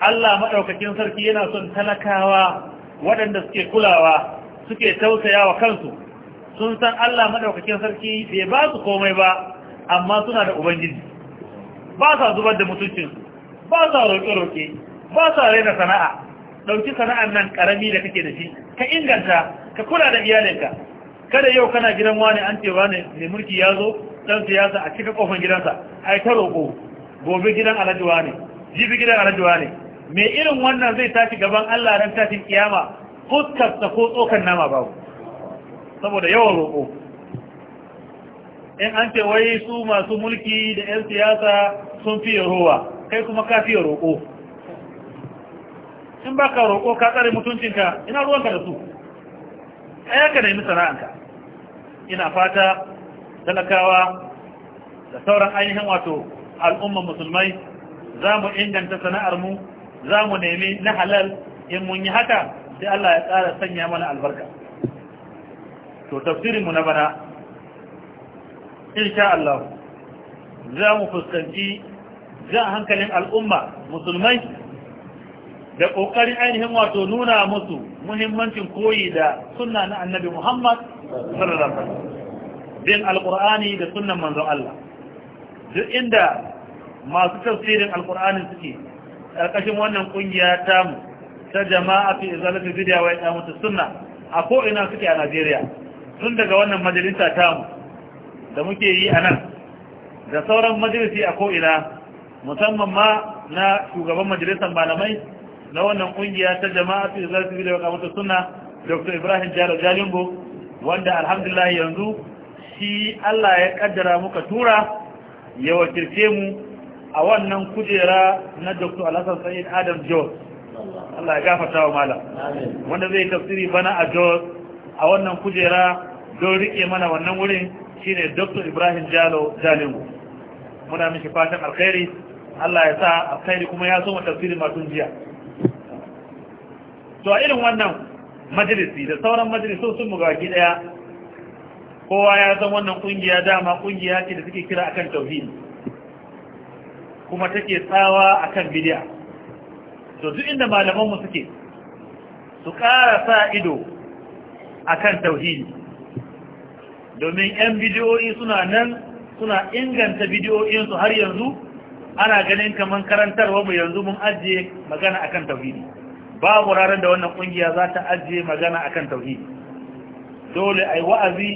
Allah maɗaukakin sarki yana son talakawa waɗanda suke kulawa suke tausaya wa kansu sun san Allah maɗaukakin sarki bai ba su komai ba amma suna da Ubangiji ba sa zubar da mutuncinsu ba sa roƙe-roƙe ba sa raina sana'a ɗauki sana'ar nan ƙarami da kake da shi ka inganta ka kula da iyalinka kada yau kana gidan wani an ce wani mai mulki ya zo ɗan siyasa a cika ƙofar gidansa ai ta roƙo gobe gidan alajuwa ne jibi gidan alajuwa ne mai irin wannan zai tashi gaban allah ran tashin kiyama fuskarsa ko tsokan nama babu saboda yawan roƙo in an ce wai su masu mulki da 'yan siyasa sun fiye rowa kai kuma ka fiye roƙo in ba ka roƙo ka tsare mutuncinka ina ruwanka da su ɗaya ka nemi sana'anka ina fata talakawa da sauran ainihin wato al'umman musulmai za mu inganta sana'ar mu za mu nemi na halal in mun yi haka sai Allah ya tsara sanya mana albarka to tafsirinmu na bana insha Allah za mu fuskanci jan hankalin al'umma musulmai da ƙoƙarin ainihin wato nuna musu muhimmancin koyi da sunna na annabi Muhammad sallallahu alaihi bin alqur'ani da sunnan manzon Allah duk inda masu tafsirin alqur'ani suke karkashin wannan kungiya ta mu ta jama'a fi izalati bid'a wa mutu sunna a ko ina suke a Najeriya tun daga wannan majalisa ta mu da muke yi a nan da sauran majalisi a ko ina musamman ma na shugaban majalisar malamai na wannan kungiya ta jama'a su zai su da kamata suna dr ibrahim jalo jalingo wanda alhamdulillah yanzu shi allah ya kaddara muka tura ya wakilce mu a wannan kujera na dr alhassan sa'id adam jos allah ya gafata wa mala wanda zai tafsiri bana a jos a wannan kujera don rike mana wannan wurin shine dr ibrahim jalo jalingo muna mishi fatan alkhairi Allah ya sa alkhairi kuma ya so mu tafsirin matun jiya to a irin wannan majalisi da sauran majalisun sun waki ɗaya, kowa ya san wannan kungiya dama kungiya ce da suke kira akan tauhidi kuma take tsawa akan bid'a to duk inda malaman mu suke su ƙara sa ido akan tauhidi domin yan bidiyoyi suna nan suna inganta bidiyoyinsu har yanzu ana ganin kamar karantarwa mu yanzu mun ajiye magana akan tauhidi babu ranar da wannan kungiya za ta ajiye magana akan tauhidi dole ai wa'azi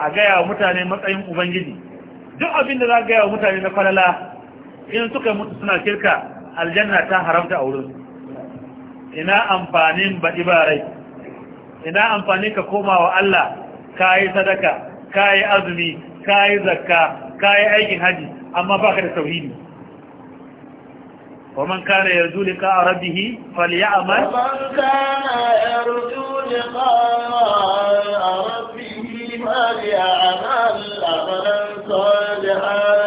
a gaya wa mutane matsayin ubangiji duk abin da za a gaya wa mutane na falala in suka mutu suna shirka aljanna ta haramta a wurin ina amfanin baɗi barai ina amfani ka koma wa Allah ka yi sadaka ka yi azumi ka yi zakka ka yi aikin haji amma baka da tauhidi ومن كان يرجو لقاء ربه فليعمل ومن كان يرجو لقاء ربه فليعمل عملا صالحا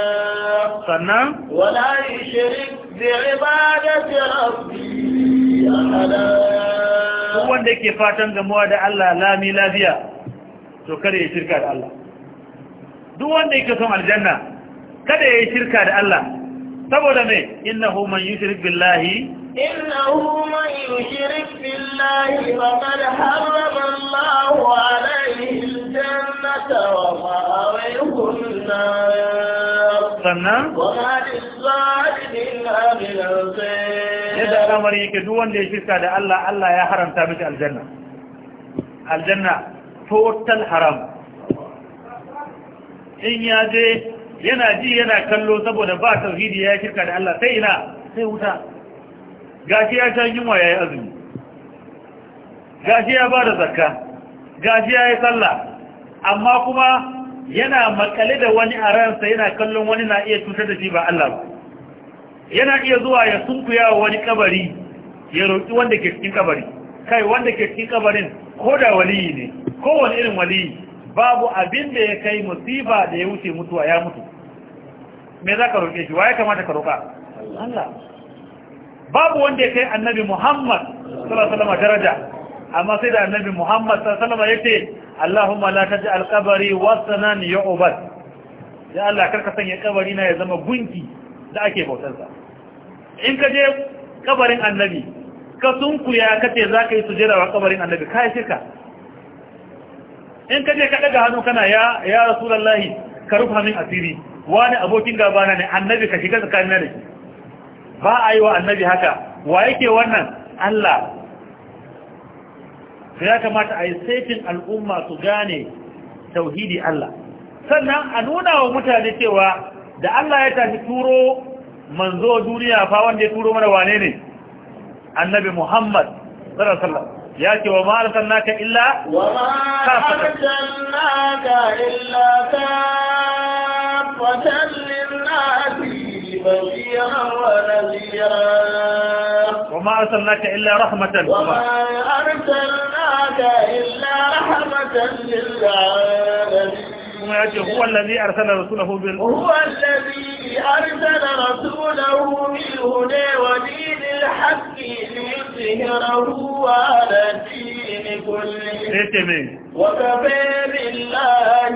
سنة ولا يشرك بعبادة ربه أحدا wanda yake fatan gamuwa da Allah lami lafiya to kada ya shirka da Allah duk wanda yake son aljanna kada ya shirka da Allah saboda mai me innahu man yushrik billahi innahu man yushrik billahi faqad harrama Allahu alayhi al-jannata wa ma'awahu an-nar sannan wa ma lis-salihin min al-khayr yadda al'amari yake duk wanda ya shirka da Allah Allah ya haramta miki aljanna aljanna total haram in ya je yana ji yana kallo saboda ba tauhidi ya shirka da Allah sai ina sai wuta gashi ya shan yunwa ya yi azumi gashi ya ba da zakka gashi ya yi sallah amma kuma yana makale da wani a ransa yana kallon wani na iya cutar da shi ba Allah ba yana iya zuwa ya sunkuya wa wani kabari ya roƙi wanda ke cikin kabari kai wanda ke cikin kabarin ko da waliyi ne ko wani irin waliyi babu abin da ya kai musiba da ya wuce mutuwa ya mutu me za ka roƙe shi wa ya kamata ka roƙa Allah babu wanda ya kai annabi Muhammad sallallahu alaihi wasallam daraja amma sai da annabi Muhammad sallallahu alaihi wasallam Allahumma la al qabri wasanan yu'bad ya Allah karka sanya kabari na ya zama gunki da ake bautar sa in ka je kabarin annabi ka sunkuya kace za ka yi sujjada wa kabarin annabi kai shirka in ka je ka daga hannu kana ya ya rasulullahi ka rufa min asiri wani abokin gaba na ne annabi ka shiga tsakanin da shi ba a yi wa annabi haka wa yake wannan Allah sai ya kamata a yi saifin al'umma su gane tauhidi Allah sannan a nuna wa mutane cewa da Allah ya tafi turo manzo duniya fa wanda ya turo mana wane ne annabi Muhammad sallallahu alaihi ya ce wa ma arsalnaka illa wa illa بشيرا ونذيرا وما أرسلناك إلا رحمة وما أرسلناك إلا رحمة للعالمين ثم هو الذي أرسل رسوله بال هو الذي أرسل رسوله بالهدى ودين الحق ليظهره على الدين كله اتمين وكفى بالله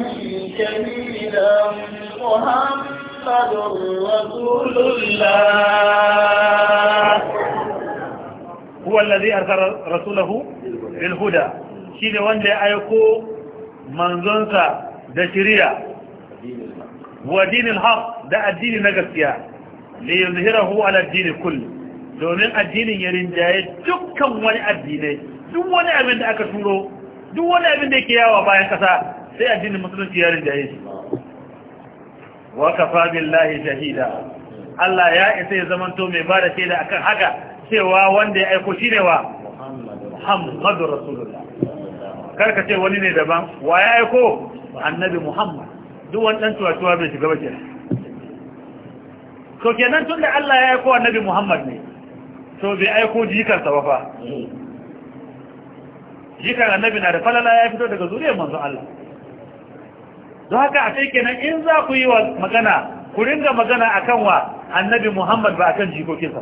شهيدا محمد رسول الله هو الذي أرسل رسوله بالهدى شيء وندي أيكو منزونسا da shirya wa dinin haq da addini na gaskiya li addini kulli domin addinin ya rinjaye dukkan wani addinai duk wani abin da aka turo duk wani abin da yake yawa bayan kasa sai addinin musulunci ya rinjaye shi wa kafa billahi shahida Allah ya isa ya zamanto mai ba da shaida akan haka cewa wanda ya aiko shi ne wa Muhammadu Rasulullah karka ce wani ne daban wa ya aiko annabi muhammad duk wani ɗan tuwa-tuwa bai shiga bakin so kenan tun da Allah ya aiko annabi muhammad ne so bai aiko jikarsa ba fa jikar annabi na da falala ya fito daga zuriyar manzo Allah don haka a sai kenan in za ku yi wa magana ku ringa magana akan wa annabi muhammad ba akan jikokinsa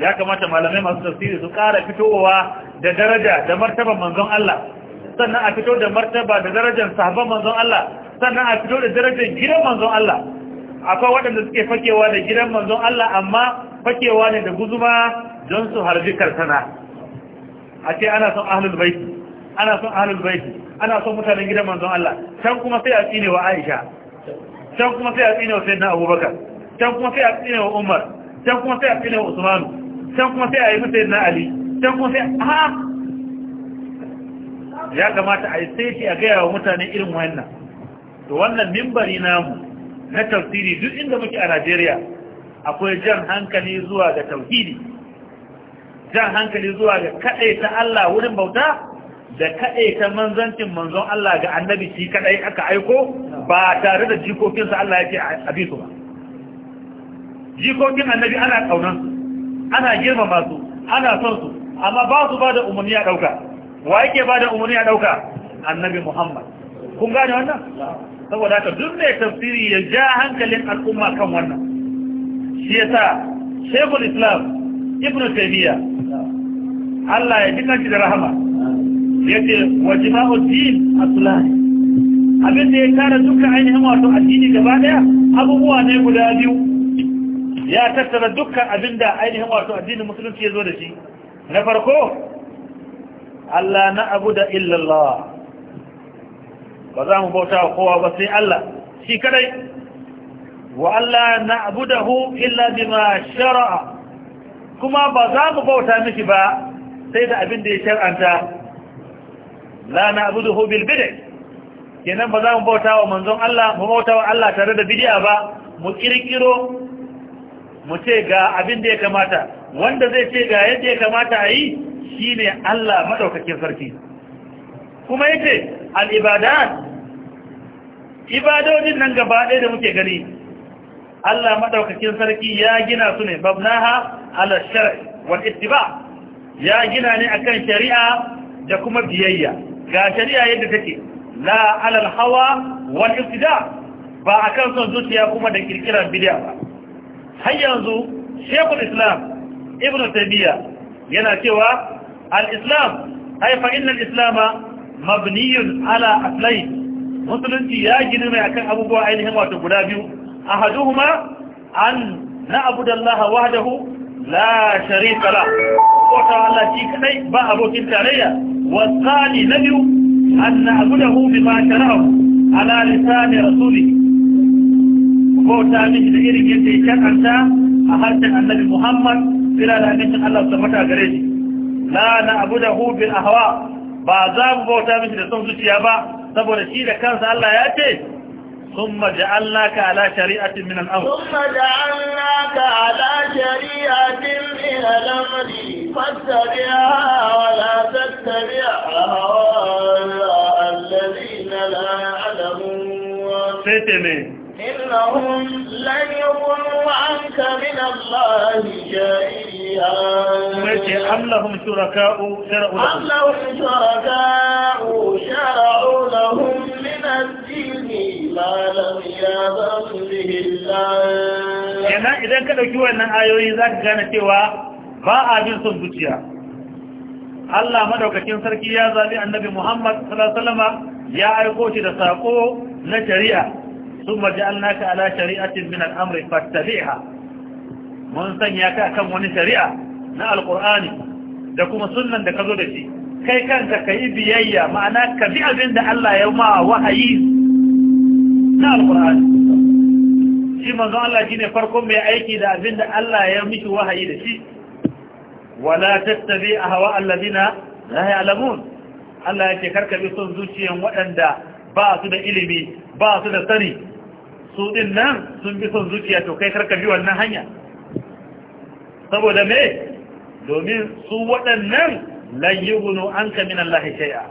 ya kamata malamai masu tafsiri su ƙara fitowa da daraja da martaban manzon Allah sannan a fito da martaba da darajar sahaban manzon Allah sannan a fito da darajar gidan manzon Allah akwai waɗanda suke fakewa da gidan manzon Allah amma fakewa ne da guzuma don su harbi karsana a ce ana son ahlul baiti ana son ahlul baiti ana son mutanen gidan manzon Allah can kuma sai a tsine wa Aisha can kuma sai a tsine wa Sayyidina Abubakar can kuma sai a tsine wa Umar can kuma sai a tsine wa Usman can kuma sai a yi musu Sayyidina Ali can kuma sai a ya kamata a yi sai a gaya wa mutane irin wannan to wannan mimbari namu na tafsiri duk inda muke a Najeriya akwai jan hankali zuwa ga tauhidi jan hankali zuwa ga kaɗai ta Allah wurin bauta da kaɗai ta manzancin manzon Allah ga annabi shi kaɗai aka aiko ba tare da jikokinsa Allah yake a bisu ba jikokin annabi ana ƙaunansu, ana girmama su ana son su amma ba su ba da umarni a ɗauka wa yake bada umarni a ɗauka? annabi Muhammad kun gane wannan saboda haka duk mai tafsiri ya ja hankalin al'umma kan wannan shi sa Sheikhul Islam Ibn Taymiyyah Allah ya ji kanci da rahama wa wajma'u din aslan abin da ya kara duka ainihin wato addini gaba daya abubuwa ne guda biyu ya tattara dukkan abin da ainihin wato addinin musulunci ya zo da shi na farko Allah na abu da illallawa ba za mu bauta wa kowa ba sai Allah shi kadai wa Allah na abu da hu illa bima shara'a kuma ba za mu bauta miki ba sai da abin da ya shar'anta la na abu da hu bilbide kenan ba za mu bauta wa manzon Allah mu bauta wa Allah tare da bidiya ba mu kirkiro mu ce ga abin da ya kamata wanda zai ce ga yadda ya kamata a yi shi ne Allah maɗaukakin sarki kuma ya ce al’ibadan ibadodin nan gaba ɗaya da muke gani Allah maɗaukakin sarki ya gina su ne babnaha ala shari'a wal ba ya gina ne akan shari'a da kuma biyayya ga shari'a yadda take la alal hawa wal da ba a kan son zuciya kuma da kirkirar bid'a ba har yanzu shekul islam ibn taymiya yana cewa al-islam ay fa inna al-islam mabniyun ala aslay musulunci ya gina mai akan abubuwa ainihin wato guda biyu ahaduhuma an na'budu allaha wahdahu la sharika la ko ta Allah shi kadai ba abokin tarayya wa tsani na biyu an na'budahu bima shara'a ala lisani Ko ta miki da irin yadda ya shakanta a harshen annabi Muhammad Ina da hannun Allah su mata gare shi la na abu da hu bil ba za mu bauta miki da son zuciya ba saboda shi da kansa Allah ya ce ثم جعلناك على شريعة من الأمر ثم جعلناك على شريعة من الأمر فاتبعها ولا إنهم لن يغنوا عنك من الله شيئا أم لهم شركاء شرعوا لهم أم لهم شركاء شرعوا لهم من الدين ما لم يأذن به الله kenan idan ka ɗauki wannan ayoyi za ka gane cewa ba a bin son zuciya Allah madaukakin sarki ya zabi annabi Muhammad sallallahu alaihi ya aiko shi da sako na shari'a ثم جعلناك على شريعه من الامر فاتبعها من سنياك كم من شريعه من القران da kuma sunan da ka zo da shi kai kanka ka yi biyayya ma'ana ka bi Allah ya ma wahayi na alkur'an shi manzo Allah ne farkon mai aiki da abin Allah ya miki wahayi da shi wala tattabi ahwa alladhina la ya'lamun Allah ya ce karka bi son zuciyan waɗanda ba su da ilimi ba su da tsari. su din nan sun bi son zuciya to kai karka bi wannan hanya saboda me domin su waɗannan lan yughnu anka min Allah shay'a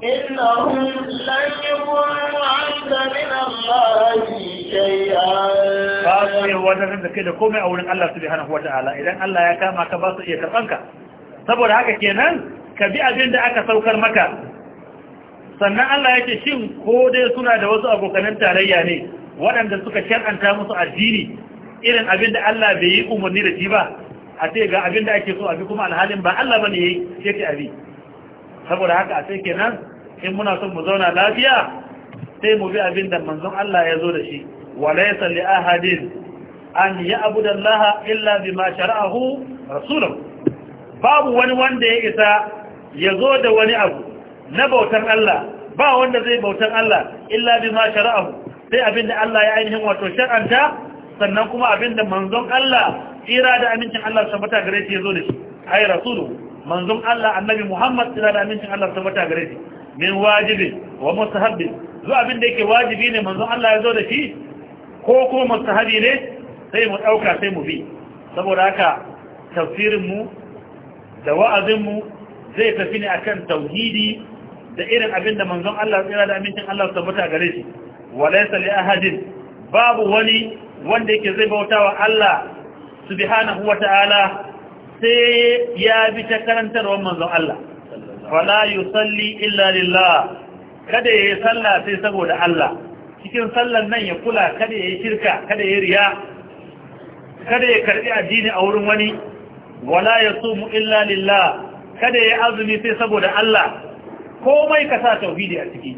innahum lan yughnu anka min Allah shay'a ba su yi wannan da kai da komai a wurin Allah su bi subhanahu wata'ala idan Allah ya kama ka ba su iya karɓanka, saboda haka kenan ka bi abin da aka saukar maka sannan Allah yake shin ko dai suna da wasu abokanan tarayya ne waɗanda suka shar'anta musu addini irin abin da Allah bai yi umarni da shi ba a ce ga abin da ake so abi kuma alhalin ba Allah bane yayi sai ce abi saboda haka a sai kenan in muna son mu zauna lafiya sai mu bi abin da manzon Allah ya zo da shi walaysa li ahadin an ya'budu Allah illa bima shar'ahu rasuluhu babu wani wanda ya isa ya zo da wani abu na bautan Allah ba wanda zai bautan Allah illa bima shar'ahu sai abinda Allah ya ainihin wato shar'anta sannan kuma abinda manzon Allah tsira da amincin Allah tabbata gare shi yazo da shi ai rasulu manzon Allah annabi Muhammad tsira da amincin Allah tabbata gare shi min wajibi wa mustahabbi zuwa abinda yake wajibi ne manzon Allah yazo da shi ko ko mustahabi ne sai mu dauka sai mu bi saboda haka tafsirin mu da wa'azin mu zai tafi ne akan tauhidi da irin abinda manzon Allah tsira da amincin Allah tabbata gare shi walaysa li ahadin babu wani wanda yake zai wa Allah subhanahu wata'ala sai ya bi ta karantarwar manzon Allah fala yusalli illa lillah kada yayi sallah sai saboda Allah cikin sallan nan ya kula kada yayi shirka kada yayi riya kada ya karbi addini a wurin wani wala yasumu illa lillah kada yayi azumi sai saboda Allah komai ka sa tauhidi a ciki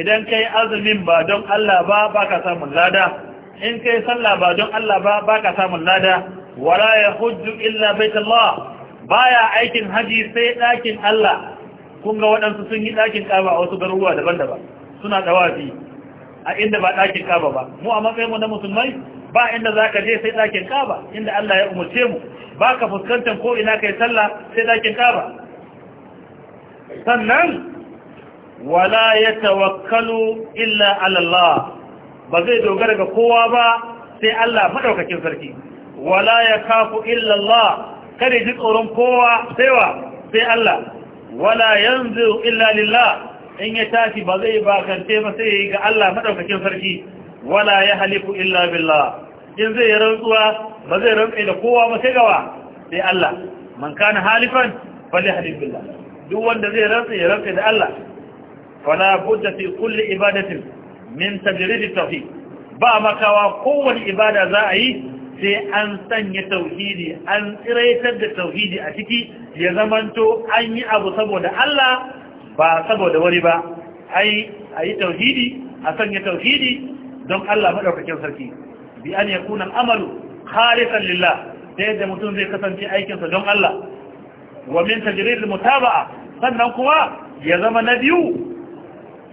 idan kai azumin ba don Allah ba ka samun lada in kai sallah ba don Allah ba ka samun lada wala hujju illa baitallah baya aikin haji sai dakin Allah kun ga waɗansu sun yi dakin kaba a wasu garuruwa daban-daban suna dawafi a inda ba dakin kaba ba mu a matsayin mu na musulmai ba inda zaka je sai dakin kaba inda Allah ya umurce mu baka fuskantar ko ina kai sallah sai dakin kaba sannan wala ya tawakkalu illa alallah ba zai dogara ga kowa ba sai Allah madaukakin sarki wala ya kafu illa Allah kada ji tsoron kowa sai wa sai Allah wala yanzu illa lillah in ya tafi ba zai bakance ba sai yayi ga Allah madaukakin sarki wala ya halifu illa billah in zai rantsuwa ba zai rantsa da kowa ba sai gawa sai Allah man kana halifan falyahlif billah duk wanda zai rantsa ya rantsa da Allah fala budda fi kulli ibadatin min tajrid tauhid ba makawa kowace ibada za a yi sai an sanya tauhidi an tsiraitar da tauhidi a ciki ya zamanto an yi abu saboda Allah ba saboda wani ba ai ayi tauhidi a sanya tauhidi don Allah madaukakin sarki bi an yakuna al'amalu khalisan lillah sai da mutum zai kasance aikinsa don Allah wa min tajrid mutaba'a sannan kuma ya zama na biyu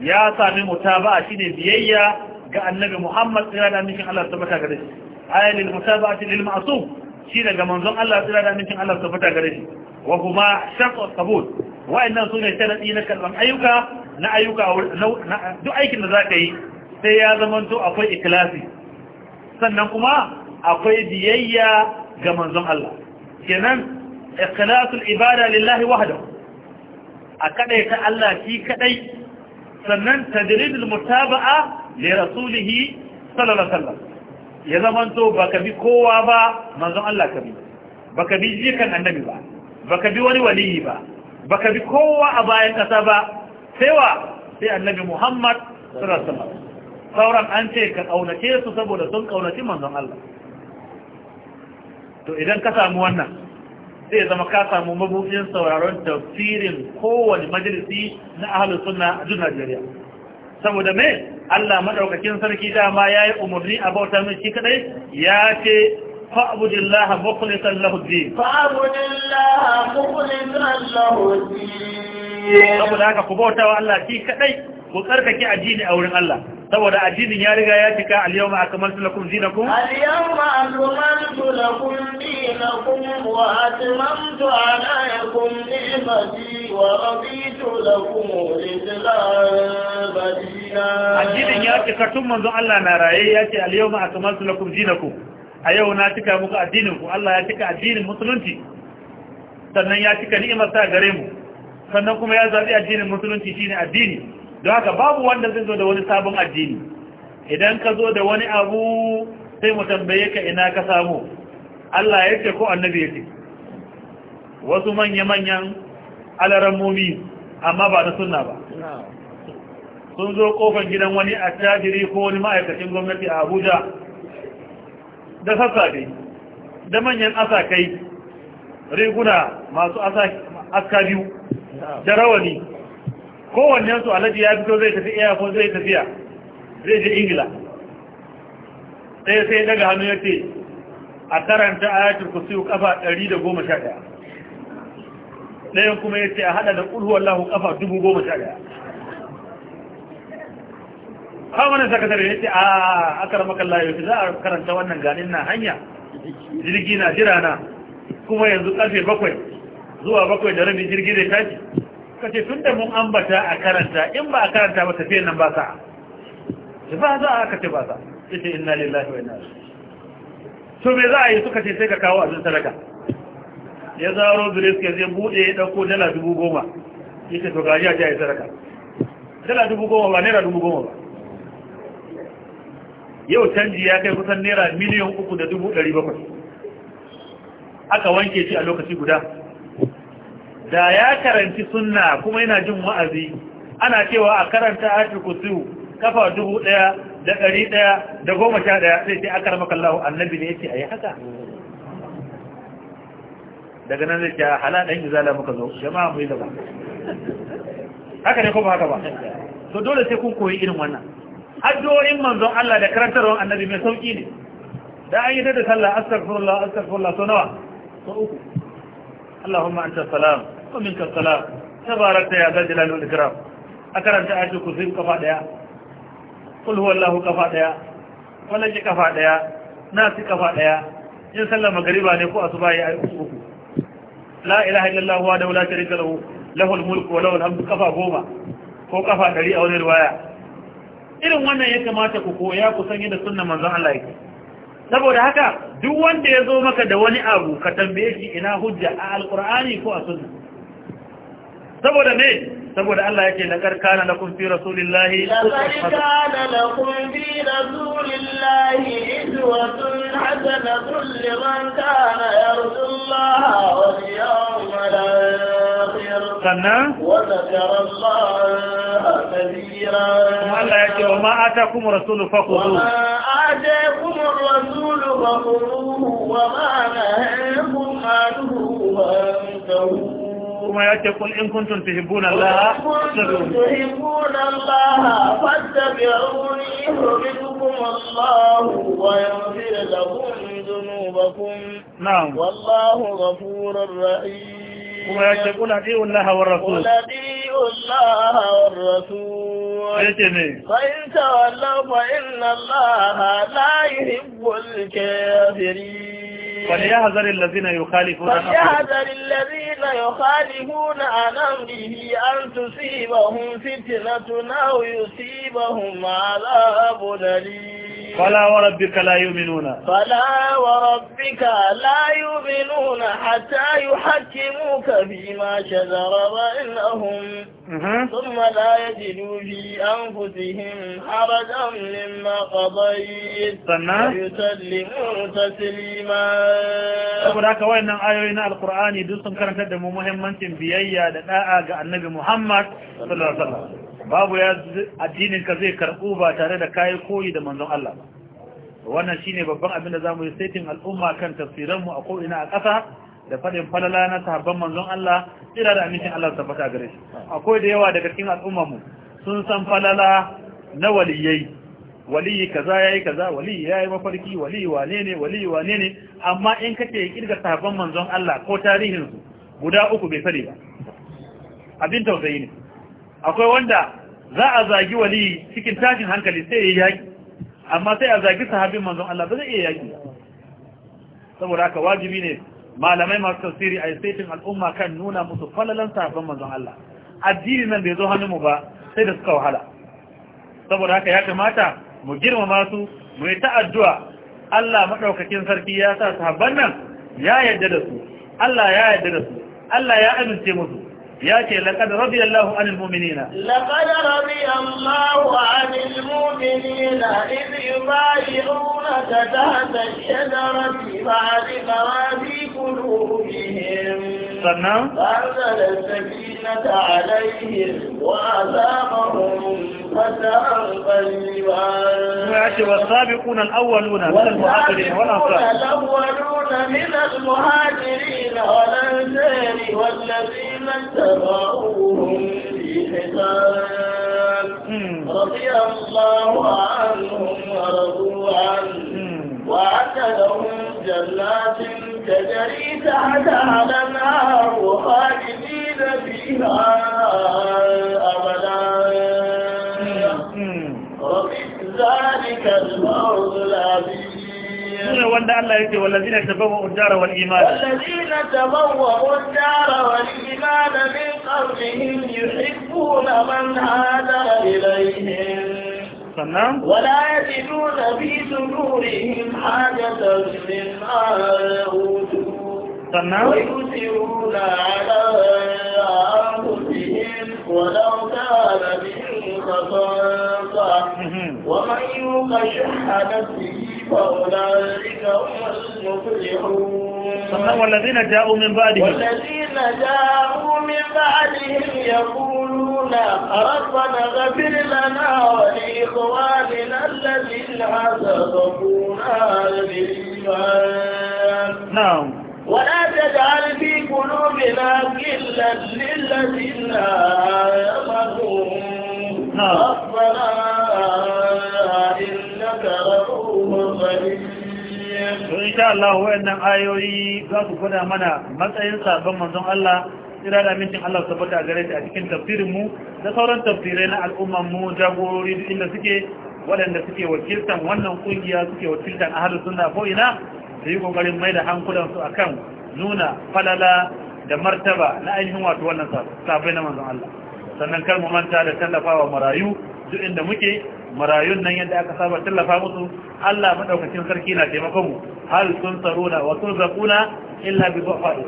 ya sami mutaba'a shine biyayya ga annabi Muhammad tsira da amincin Allah tabbata gare shi ayatul mutaba'ati lil ma'sum shi ga manzon Allah tsira da amincin Allah tabbata gare shi wa kuma shaqqa qabul wa'annan sune sharadi na kalban ayyuka na ayyuka duk aikin da zaka yi sai ya zamanto akwai ikhlasi sannan kuma akwai biyayya ga manzon Allah kenan ikhlasul ibada lillahi wahdahu a kadai ta Allah shi kadai sannan tajridul mutaba'a li rasulihi sallallahu alaihi Ya ya zamanto baka bi kowa ba manzon Allah ka bi baka bi jikan annabi ba baka bi wani waliyi ba baka bi kowa a bayan kasa ba sai wa sai annabi Muhammad sallallahu alaihi wasallam sauran an ce ka kaunace su saboda sun kaunaci manzon Allah to idan ka samu wannan sai zama ka samu mabuɗin sauraron tafsirin kowane majalisi na ahalus sunna a duk Najeriya saboda me Allah maɗaukakin sarki dama ya yi umarni a bauta min shi kadai ya ce فاعبد الله مخلصا له الدين فاعبد الله مخلصا له الدين saboda haka ku bauta wa Allah shi kadai ku tsarkake addini a wurin Allah saboda addinin ya riga ya cika al-yawma akmaltu lakum dinakum al-yawma akmaltu lakum dinakum wa atmamtu alaykum ni'mati wa raditu lakum al-islam badina addinin ya cika tun manzo Allah na raye yace al-yawma akmaltu lakum dinakum a yau na cika muku addinin ku Allah ya cika addinin musulunci sannan ya cika ni'imar sa gare mu sannan kuma ya zabi addinin musulunci shine addini don haka babu wanda zai zo da wani sabon addini idan ka zo da wani abu sai mu tambaye ka ina ka samu Allah ya ce ko annabi ya ce wasu manya-manyan alarammomi amma ba na sunna ba sun zo kofar gidan wani a tajiri ko wani ma'aikacin gwamnati a abuja da sassafe da manyan asakai riguna masu aska biyu da rawani kowannen su alaji ya fito zai tafi airport zai tafiya zai je ingila sai sai daga hannu ya ce a karanta ayatul kursiyu kafa 111 ɗayan kuma ya ce a hada da ƙulhu wallahu kafa kawo wani sakatare ya ce a akar makalla yau za a karanta wannan ganin na hanya jirgi na jira na kuma yanzu ƙarfe bakwai zuwa bakwai da rabi jirgi zai tashi suka ce tun da mun ambata a karanta in ba a karanta ba tafiyan nan ba sa shi ba za a kace ce ba sa ita ina lillahi wa ina to me za a yi suka ce sai ka kawo abin sadaka ya zaro bilis ke zai buɗe ya dauko dala dubu goma ita to gaji a yi sadaka dala dubu goma ba naira dubu goma ba yau canji ya kai kusan naira miliyan uku da dubu ɗari bakwai aka wanke shi a lokaci guda da ya karanci sunna kuma yana jin wa'azi ana cewa a karanta ayatul kursiyu kafa dubu ɗaya da ɗari ɗaya da goma sha daya sai ce akar makallahu annabi ne yace ayi haka daga nan zai ya ah, hala ɗan izala muka zo jama'a mu yi haka ne ko ba haka ba to dole sai kun koyi irin wannan addu'o'in manzon Allah da karantarwar annabi mai sauki ne da an yi da sallah astaghfirullah astaghfirullah so nawa so uku Allahumma anta salam wa min kassala tabaraka ya zal jalali wal ikram a karanta ayatul kursi kafa daya qul huwallahu kafa daya falaki kafa daya nasi kafa daya in sallar magariba ne ko asuba ya ayi uku la ilaha illallah wa la sharika lahu lahul mulk wa lahul hamdu kafa goma ko kafa dari a wani riwaya irin wannan ya kamata ku koya ku san yadda sunnan manzon Allah yake saboda haka duk wanda ya zo maka da wani abu ka tambaye shi ina hujja a alqur'ani ko a sunna saboda me saboda Allah yake na karkana na kun fi rasulillahi Allah yake wa ma atakum rasulu fakhudu wa ma atakum rasulu wa ma nahakum anhu fantahu فرما يأتي قل إن كنتم تحبون الله فاتبعوني يهبكم الله ويغفر لكم ذنوبكم نعم والله غفور رحيم فرما يأتي قل الله والرسول الله والرسول فإن تولوا فإن الله لا يحب الكافرين فليحذر الذين يخالفون الذين يخالفون عن أمره أن تصيبهم فتنة أو يصيبهم عذاب أليم فلا وربك لا يؤمنون فلا وربك لا يؤمنون حتى يحكموك فيما شجر بينهم ثم لا يجدوا في أنفسهم حرجا مما قضيت ويسلموا تسليما saboda haka wayannan ayoyi na alƙur'ani. duk sun karantar da mu muhimmancin biyayya da da'a ga annabi Muhammad babu ya addinin ka zai karbu ba tare da kayi koyi da manzon Allah ba wannan shine babban abin da zamu yi saitin al'umma kan tafsirin mu a ko ina a ƙasa da fadin falala na sahabban manzon Allah tsira da amincin Allah ta fata gare shi akwai da yawa daga cikin al'umma mu sun san falala na waliyyai. waliyi kaza yayi kaza waliyi yayi mafarki waliyi wane ne waliyi wane ne amma in kace kirga sahabban manzon Allah ko tarihin su guda uku bai fare ba abin tausayi ne akwai wanda za a zagi wali cikin tashin hankali sai ya yaki amma sai a zagi sahabin manzon Allah ba zai iya yaƙi saboda haka wajibi ne malamai masu tafsiri a saitin al'umma kan nuna musu falalan sahabban manzon Allah addini nan bai zo hannu hannunmu ba sai da suka wahala saboda haka ya kamata mu girmama su mu yi ta'addu'a Allah madaukakin sarki ya sa sahabban nan ya yarda da su Allah ya yarda da su Allah ya amince musu ياتي لقد رضي الله عن المؤمنين لقد رضي الله عن المؤمنين اذ يبايعونك تحت الشجره بعد ما قلوبهم عليهم sannan ويأتي والسابقون الأولون من المهاجرين والأنصار الأولون من المهاجرين والأنصار والذين اتبعوهم بإحسان رضي الله عنهم ورضوا عنهم وعتدهم جنات تجري تحتها الانهار خالدين فيها ابدا ذلك الفوز العظيم وان والذين تبوا الدار والايمان الذين تبوا الدار والايمان من قبلهم يحبون من هاجر اليهم سنان نعم. ولا يجدون في صدورهم حاجة مما أوتوا سنان ويؤثرون على أنفسهم ولو كان بهم خصاصة ومن يوق شح نفسه فأولئك هم المفلحون والذين جاءوا من بعدهم والذين جاءوا من بعدهم يقولون ربنا غفر لنا ولإخواننا الذين سبقونا بالإيمان نعم ولا تجعل في قلوبنا كلا للذين آمنوا نعم. ربنا إنك رؤوف رحيم to insha Allah wayannan ayoyi za su gwada mana matsayin sabon manzon Allah tsira da amincin Allah su tabbata gare ta a cikin tafsirin mu da sauran tafsirai na al'ummanmu mu jagorori duk inda suke waɗanda suke wakiltan wannan kungiya suke wakiltan ahlus sunna ko ina da yi kokarin mai da hankulan su akan nuna falala da martaba na ainihin wato wannan safai na manzon Allah sannan kar mu manta da tallafawa marayu duk inda muke marayun nan yadda aka saba tallafa musu Allah madaukakin sarki na taimakon mu hal sun da wasu zakuna illa bi dhafari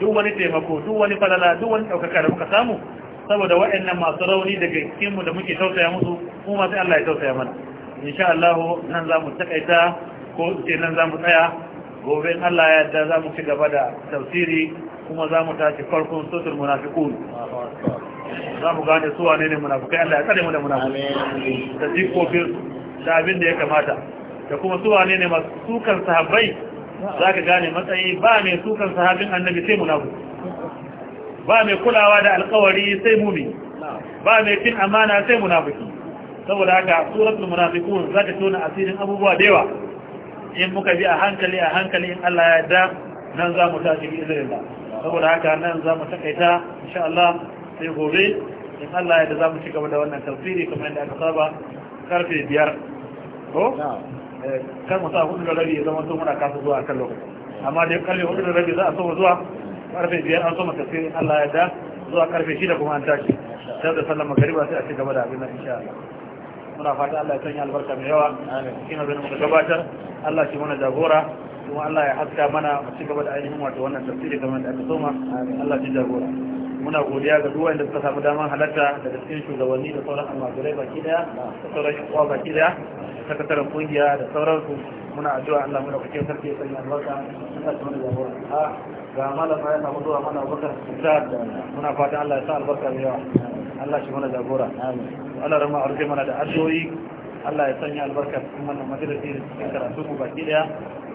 duk wani taimako duk wani falala duk wani ɗaukaka da muka samu saboda waɗannan masu rauni daga cikinmu da muke tausaya musu mu ma sai Allah ya tausaya mana insha Allah nan za mu takaita ko ce nan za mu tsaya gobe in Allah ya yarda za mu ci gaba da tafsiri kuma za mu tashi farkon sotul munafiqun za mu gane su wane ne munafiqai Allah ya tsare mu da munafikai da jikofin da abin da ya kamata da kuma su wane ne masu sukan sahabbai za ka gane matsayi ba mai sukan sahabin annabi sai munafu ba mai kulawa da alkawari sai mumi ba mai cin amana sai munafiki saboda haka suratul munafiqun za ka tona asirin abubuwa da yawa in muka bi a hankali a hankali in Allah ya yarda nan za mu tashi bi da saboda haka nan za mu takaita insha Allah sai gobe in Allah ya yarda za mu ci gaba da wannan tafsiri kamar yadda aka saba karfe biyar ko Kan mu sa hudu da rabi ya zama to muna kasa zuwa akan lokaci amma dai karfe hudu da rabi za a soma zuwa karfe biyar an soma tafsirin Allah ya da zuwa karfe shida kuma an tashi sai da sallar magariba sai a ci gaba da abin nan insha Allah muna fata Allah ya sanya albarka mai yawa shi ne muka gabatar Allah shi mana jagora kuma Allah ya haska mana a ci gaba da ainihin wato wannan tafsiri kamar da aka soma Allah shi jagora muna godiya ga duwa da suka samu damar halatta da cikin shugabanni da sauran almajirai baki daya da sauran yan uwa baki daya sakataren kungiya da sauransu muna addu'a Allah muna kuke sarki ya sanya albarka Allah ya mana jagora a ga malama ya samu zuwa mana bakar da muna fatan Allah ya sa albarka da yawa Allah shi mana jagora amin Allah rama arke mana da addu'o'i Allah ya sanya albarka cikin wannan madrasa da cikin karatu ku baki daya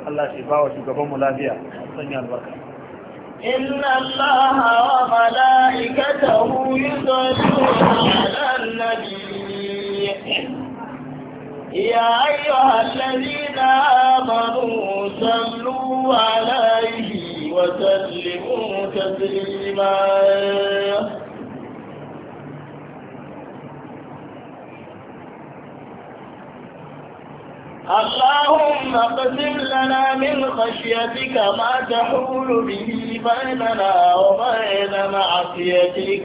Allah shi bawa shugaban mu lafiya sanya albarka إن الله وملائكته يصلون على النبي يا أيها الذين آمنوا صلوا عليه وسلموا تسليما اللهم اقسم لنا من خشيتك ما تحول به بيننا وبين معصيتك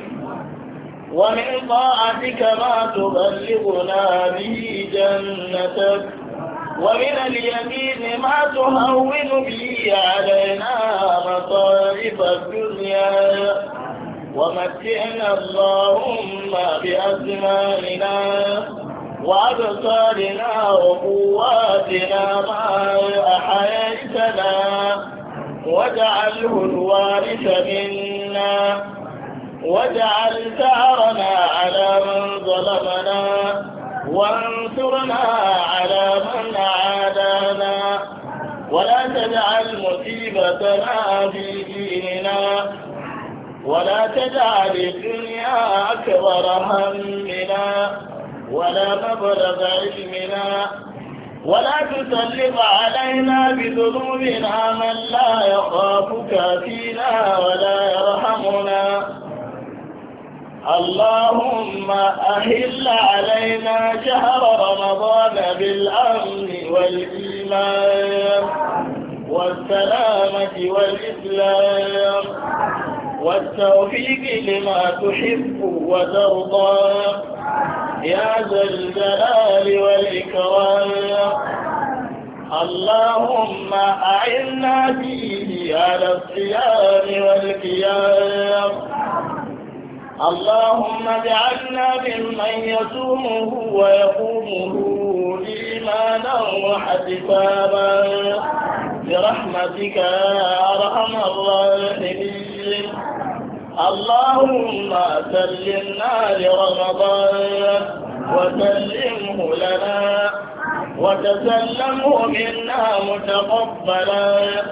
ومن طاعتك ما تبلغنا به جنتك ومن اليمين ما تهون به علينا مصائب الدنيا ومتعنا اللهم بأسمائنا وأبصارنا وقواتنا ما أحييتنا واجعله الوارث منا واجعل ثارنا على من ظلمنا وانصرنا على من عادانا ولا تجعل مصيبتنا في ديننا ولا تجعل الدنيا أكبر همنا ولا مبلغ علمنا ولا تسلط علينا بذنوبنا من لا يخافك فينا ولا يرحمنا اللهم أهل علينا شهر رمضان بالأمن والإيمان والسلامة والإسلام والتوفيق لما تحب وترضى يا ذا الجلال والإكرام اللهم أعنا فيه على الصيام والقيام اللهم اجعلنا ممن يصومه ويقومه إيمانا واحتسابا برحمتك يا أرحم الراحمين اللهم سلمنا لرمضان وسلمه لنا وتسلمه منا متقبلا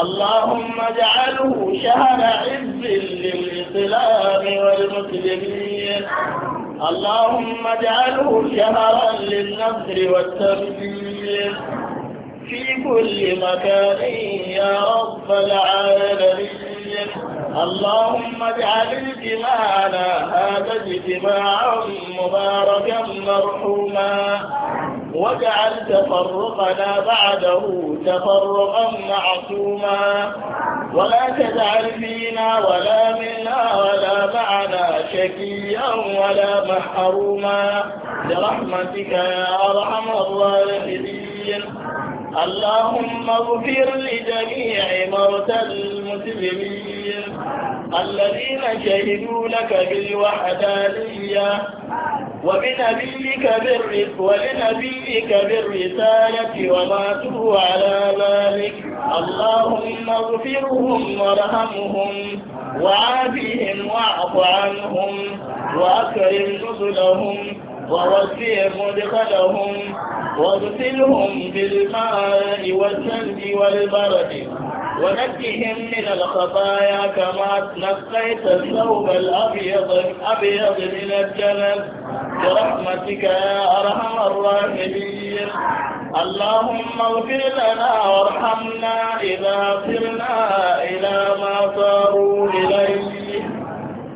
اللهم اجعله شهر عز للإسلام والمسلمين اللهم اجعله شهرا للنصر والتمكين في كل مكان يا رب العالمين اللهم اجعل اجتماعنا هذا اجتماعا مباركا مرحوما واجعل تفرقنا بعده تفرقا معصوما ولا تجعل فينا ولا منا ولا معنا شكيا ولا محروما برحمتك يا أرحم الراحمين اللهم اغفر لجميع موتى المسلمين الذين شهدوا لك بالوحدانية وبنبيك بالرس ولنبيك بالرسالة وماتوا على ذلك اللهم اغفرهم وارحمهم وعافهم واعف عنهم وأكرم نزلهم ووسع مدخلهم واغسلهم بالماء والثلج والبرد ونجهم من الخطايا كما نقيت الثوب الأبيض أبيض من الجنب برحمتك يا أرحم الراحمين اللهم اغفر لنا وارحمنا إذا صرنا إلى ما صاروا إليه